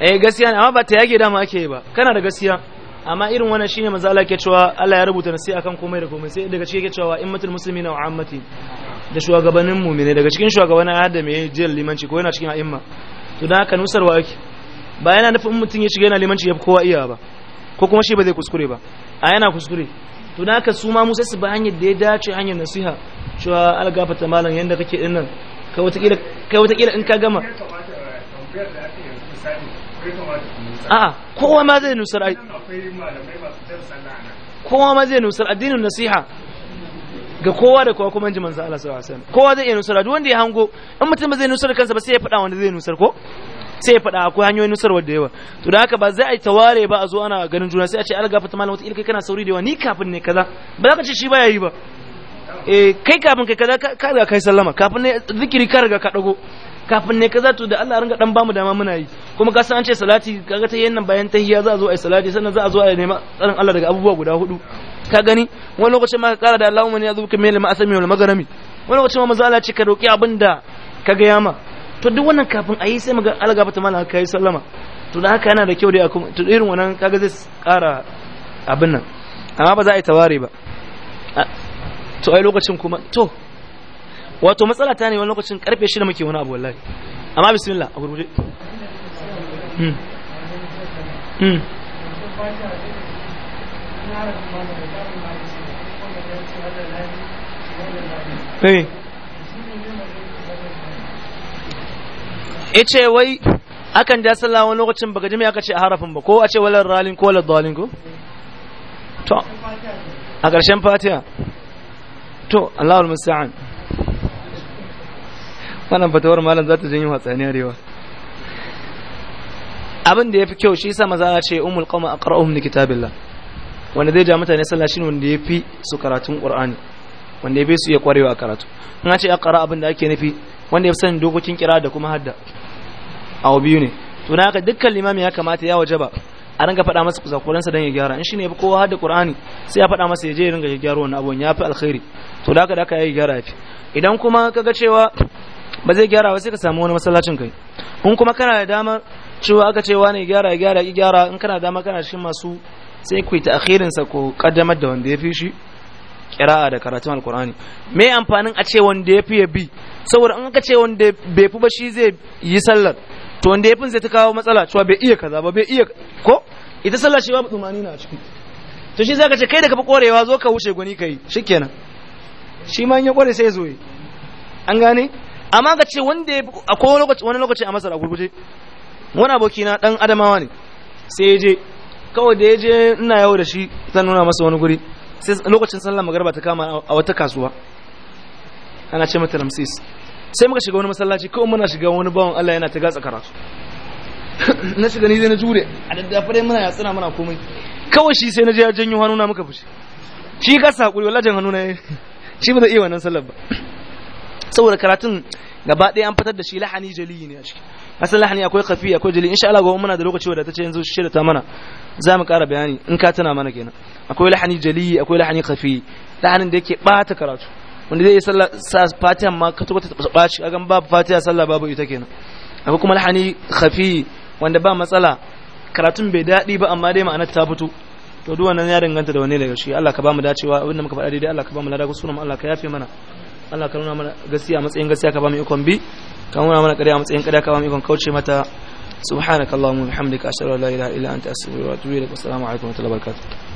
eh gaskiya ne amma ba ta yage dama ake yi ba kana da gaskiya amma irin wannan shine manzo Allah ke cewa Allah ya rubuta nasi akan komai da komai sai daga cikin ke cewa mutum musulmi na ammati da shugabannin mumine daga cikin shugabannin adam ya jiyar limanci ko yana cikin a'imma to dan haka wa ake ba yana nufin mutum ya shiga yana limanci ya fi kowa iya ba ko kuma shi ba zai kuskure ba a yana kuskure to da haka su ma musa su ba hanyar da ya dace hanyar nasiha cewa algafata malam yadda kake din nan kai watakila kai watakila in ka gama a'a kowa ma zai nusar kowa ma zai nusar addinin nasiha ga kowa da kowa kuma ji manzo Allah sallallahu alaihi wasallam kowa zai iya nusar duk wanda ya hango in mutum zai nusar kansa ba sai ya faɗa wanda zai nusar ko sai ya faɗa akwai hanyoyin nusar da yawa to da haka ba zai a yi taware ba a zo ana ganin juna sai a ce alga fata malam wata ilkai kana sauri da yawa ni kafin ne kaza ba za ka ce shi baya yi ba eh kai kafin kai kaza ka riga kai sallama kafin ne zikiri ka riga ka dago kafin ne kaza to da Allah ringa dan bamu dama muna yi kuma ka san an ce salati kaga ta yin nan bayan tahiyya za a zo a yi salati sannan za a zo a nema tsarin Allah daga abubuwa guda hudu ka gani wani lokacin ma ka kara da Allahumma ni azubuka min ma asami wal magharami wani lokacin ma manzo Allah ce ka roki abinda ka ga yama to duk wannan kafin a yi sai mu alga algaba mala kai sallama to da haka yana da kyau dai akwai to irin wannan kaga zai kara abin nan amma ba za a yi taware ba to ai lokacin kuma to wato matsala ta ne wani lokacin karfe shida muke wani abu wallahi amma bismillah a gurguje hmm hmm ya ce wai akan ja sallah wani lokacin baga jami'a aka ce a harafin ba ko a ce walar ralin ko walar dalin ko to a ƙarshen Fatiya. to Allahul musa'an wannan fatawar malam za ta janyo hatsaniya da yawa abin da ya fi kyau shi sa maza ce umul qawma aqra'uhum kitabin kitabillah wanda zai ja mutane sallah shine wanda ya fi su karatun qur'ani wanda ya fi su iya kwarewa karatu in ce aqra abin da ake nufi wanda ya fi sanin dokokin kira da kuma hadda abu biyu ne to na haka dukkan limami ya kamata ya wajaba a ringa faɗa masa kusakuransa don ya gyara in shine ya fi kowa hadda qur'ani sai ya faɗa masa ya je ya ringa ya gyara wannan abun ya fi alkhairi to da haka da haka ya gyara ya fi idan kuma kaga cewa ba zai gyara ba sai ka samu wani masallacin kai in kuma kana da damar cewa aka ce wani gyara gyara ki gyara in kana da dama kana cikin masu sai ku yi ta'akhirinsa ku kaddamar da wanda ya fi shi kira'a da karatun alkur'ani me amfanin a ce wanda ya fi ya bi saboda an ka ce wanda bai fi ba shi zai yi sallar to wanda ya fi zai ta kawo matsala cewa bai iya kaza ba bai iya ko ita sallar shi babu tsumani na ciki to shi zaka ce kai da ka fi korewa zo ka wuce gwani kai shikenan shi ma in ya kore sai ya zo an gane amma ka ce wanda ya akwai wani lokaci a masar a gurguje wani aboki na dan adamawa ne sai ya je kawai da ya je ina yau da shi zan nuna masa wani guri sai lokacin sallah magarba ta kama a wata kasuwa ana ce mata ramsis sai muka shiga wani masallaci kawai muna shiga wani bawan Allah yana ta gatsa karatu [laughs] na shiga ni zai na jure a dai muna yatsuna muna komai kawai shi sai na je ya janyo na muka fushi shi ka hakuri wallajin jan hannuna [laughs] shi ba zai iya wannan sallar ba [clears throat] saboda karatun gaba ɗaya an fitar da shi lahani jaliyi ne a ciki asalin lahani akwai kafi akwai jili insha Allah gobe muna da lokaci wadda ta ce yanzu shirya ta mana za mu ƙara bayani in ka tana mana kenan akwai lahani jali akwai lahani kafi lahanin da yake ɓata karatu wanda zai yi sallah sa fatiha ma ka tabbata ta ɓaci a gan babu fatiha sallah babu ita kenan akwai kuma lahani kafi wanda ba matsala karatun bai daɗi ba amma dai ma'anar ta fito to duk wannan ya danganta da wani daga shi Allah ka ba mu dacewa abinda muka faɗa daidai Allah ka ba mu lada sunan Allah ka yafe mana Allah ka nuna mana gaskiya matsayin gaskiya ka ba mu ikon bi kan nuna mana ƙarya matsayin ƙarya ka ikon kauce mata subhanakallahumma bihamdika ashhadu an la ilaha illa anta astaghfiruka wa atubu ilaik assalamu alaikum wa rahmatullahi wa barakatuh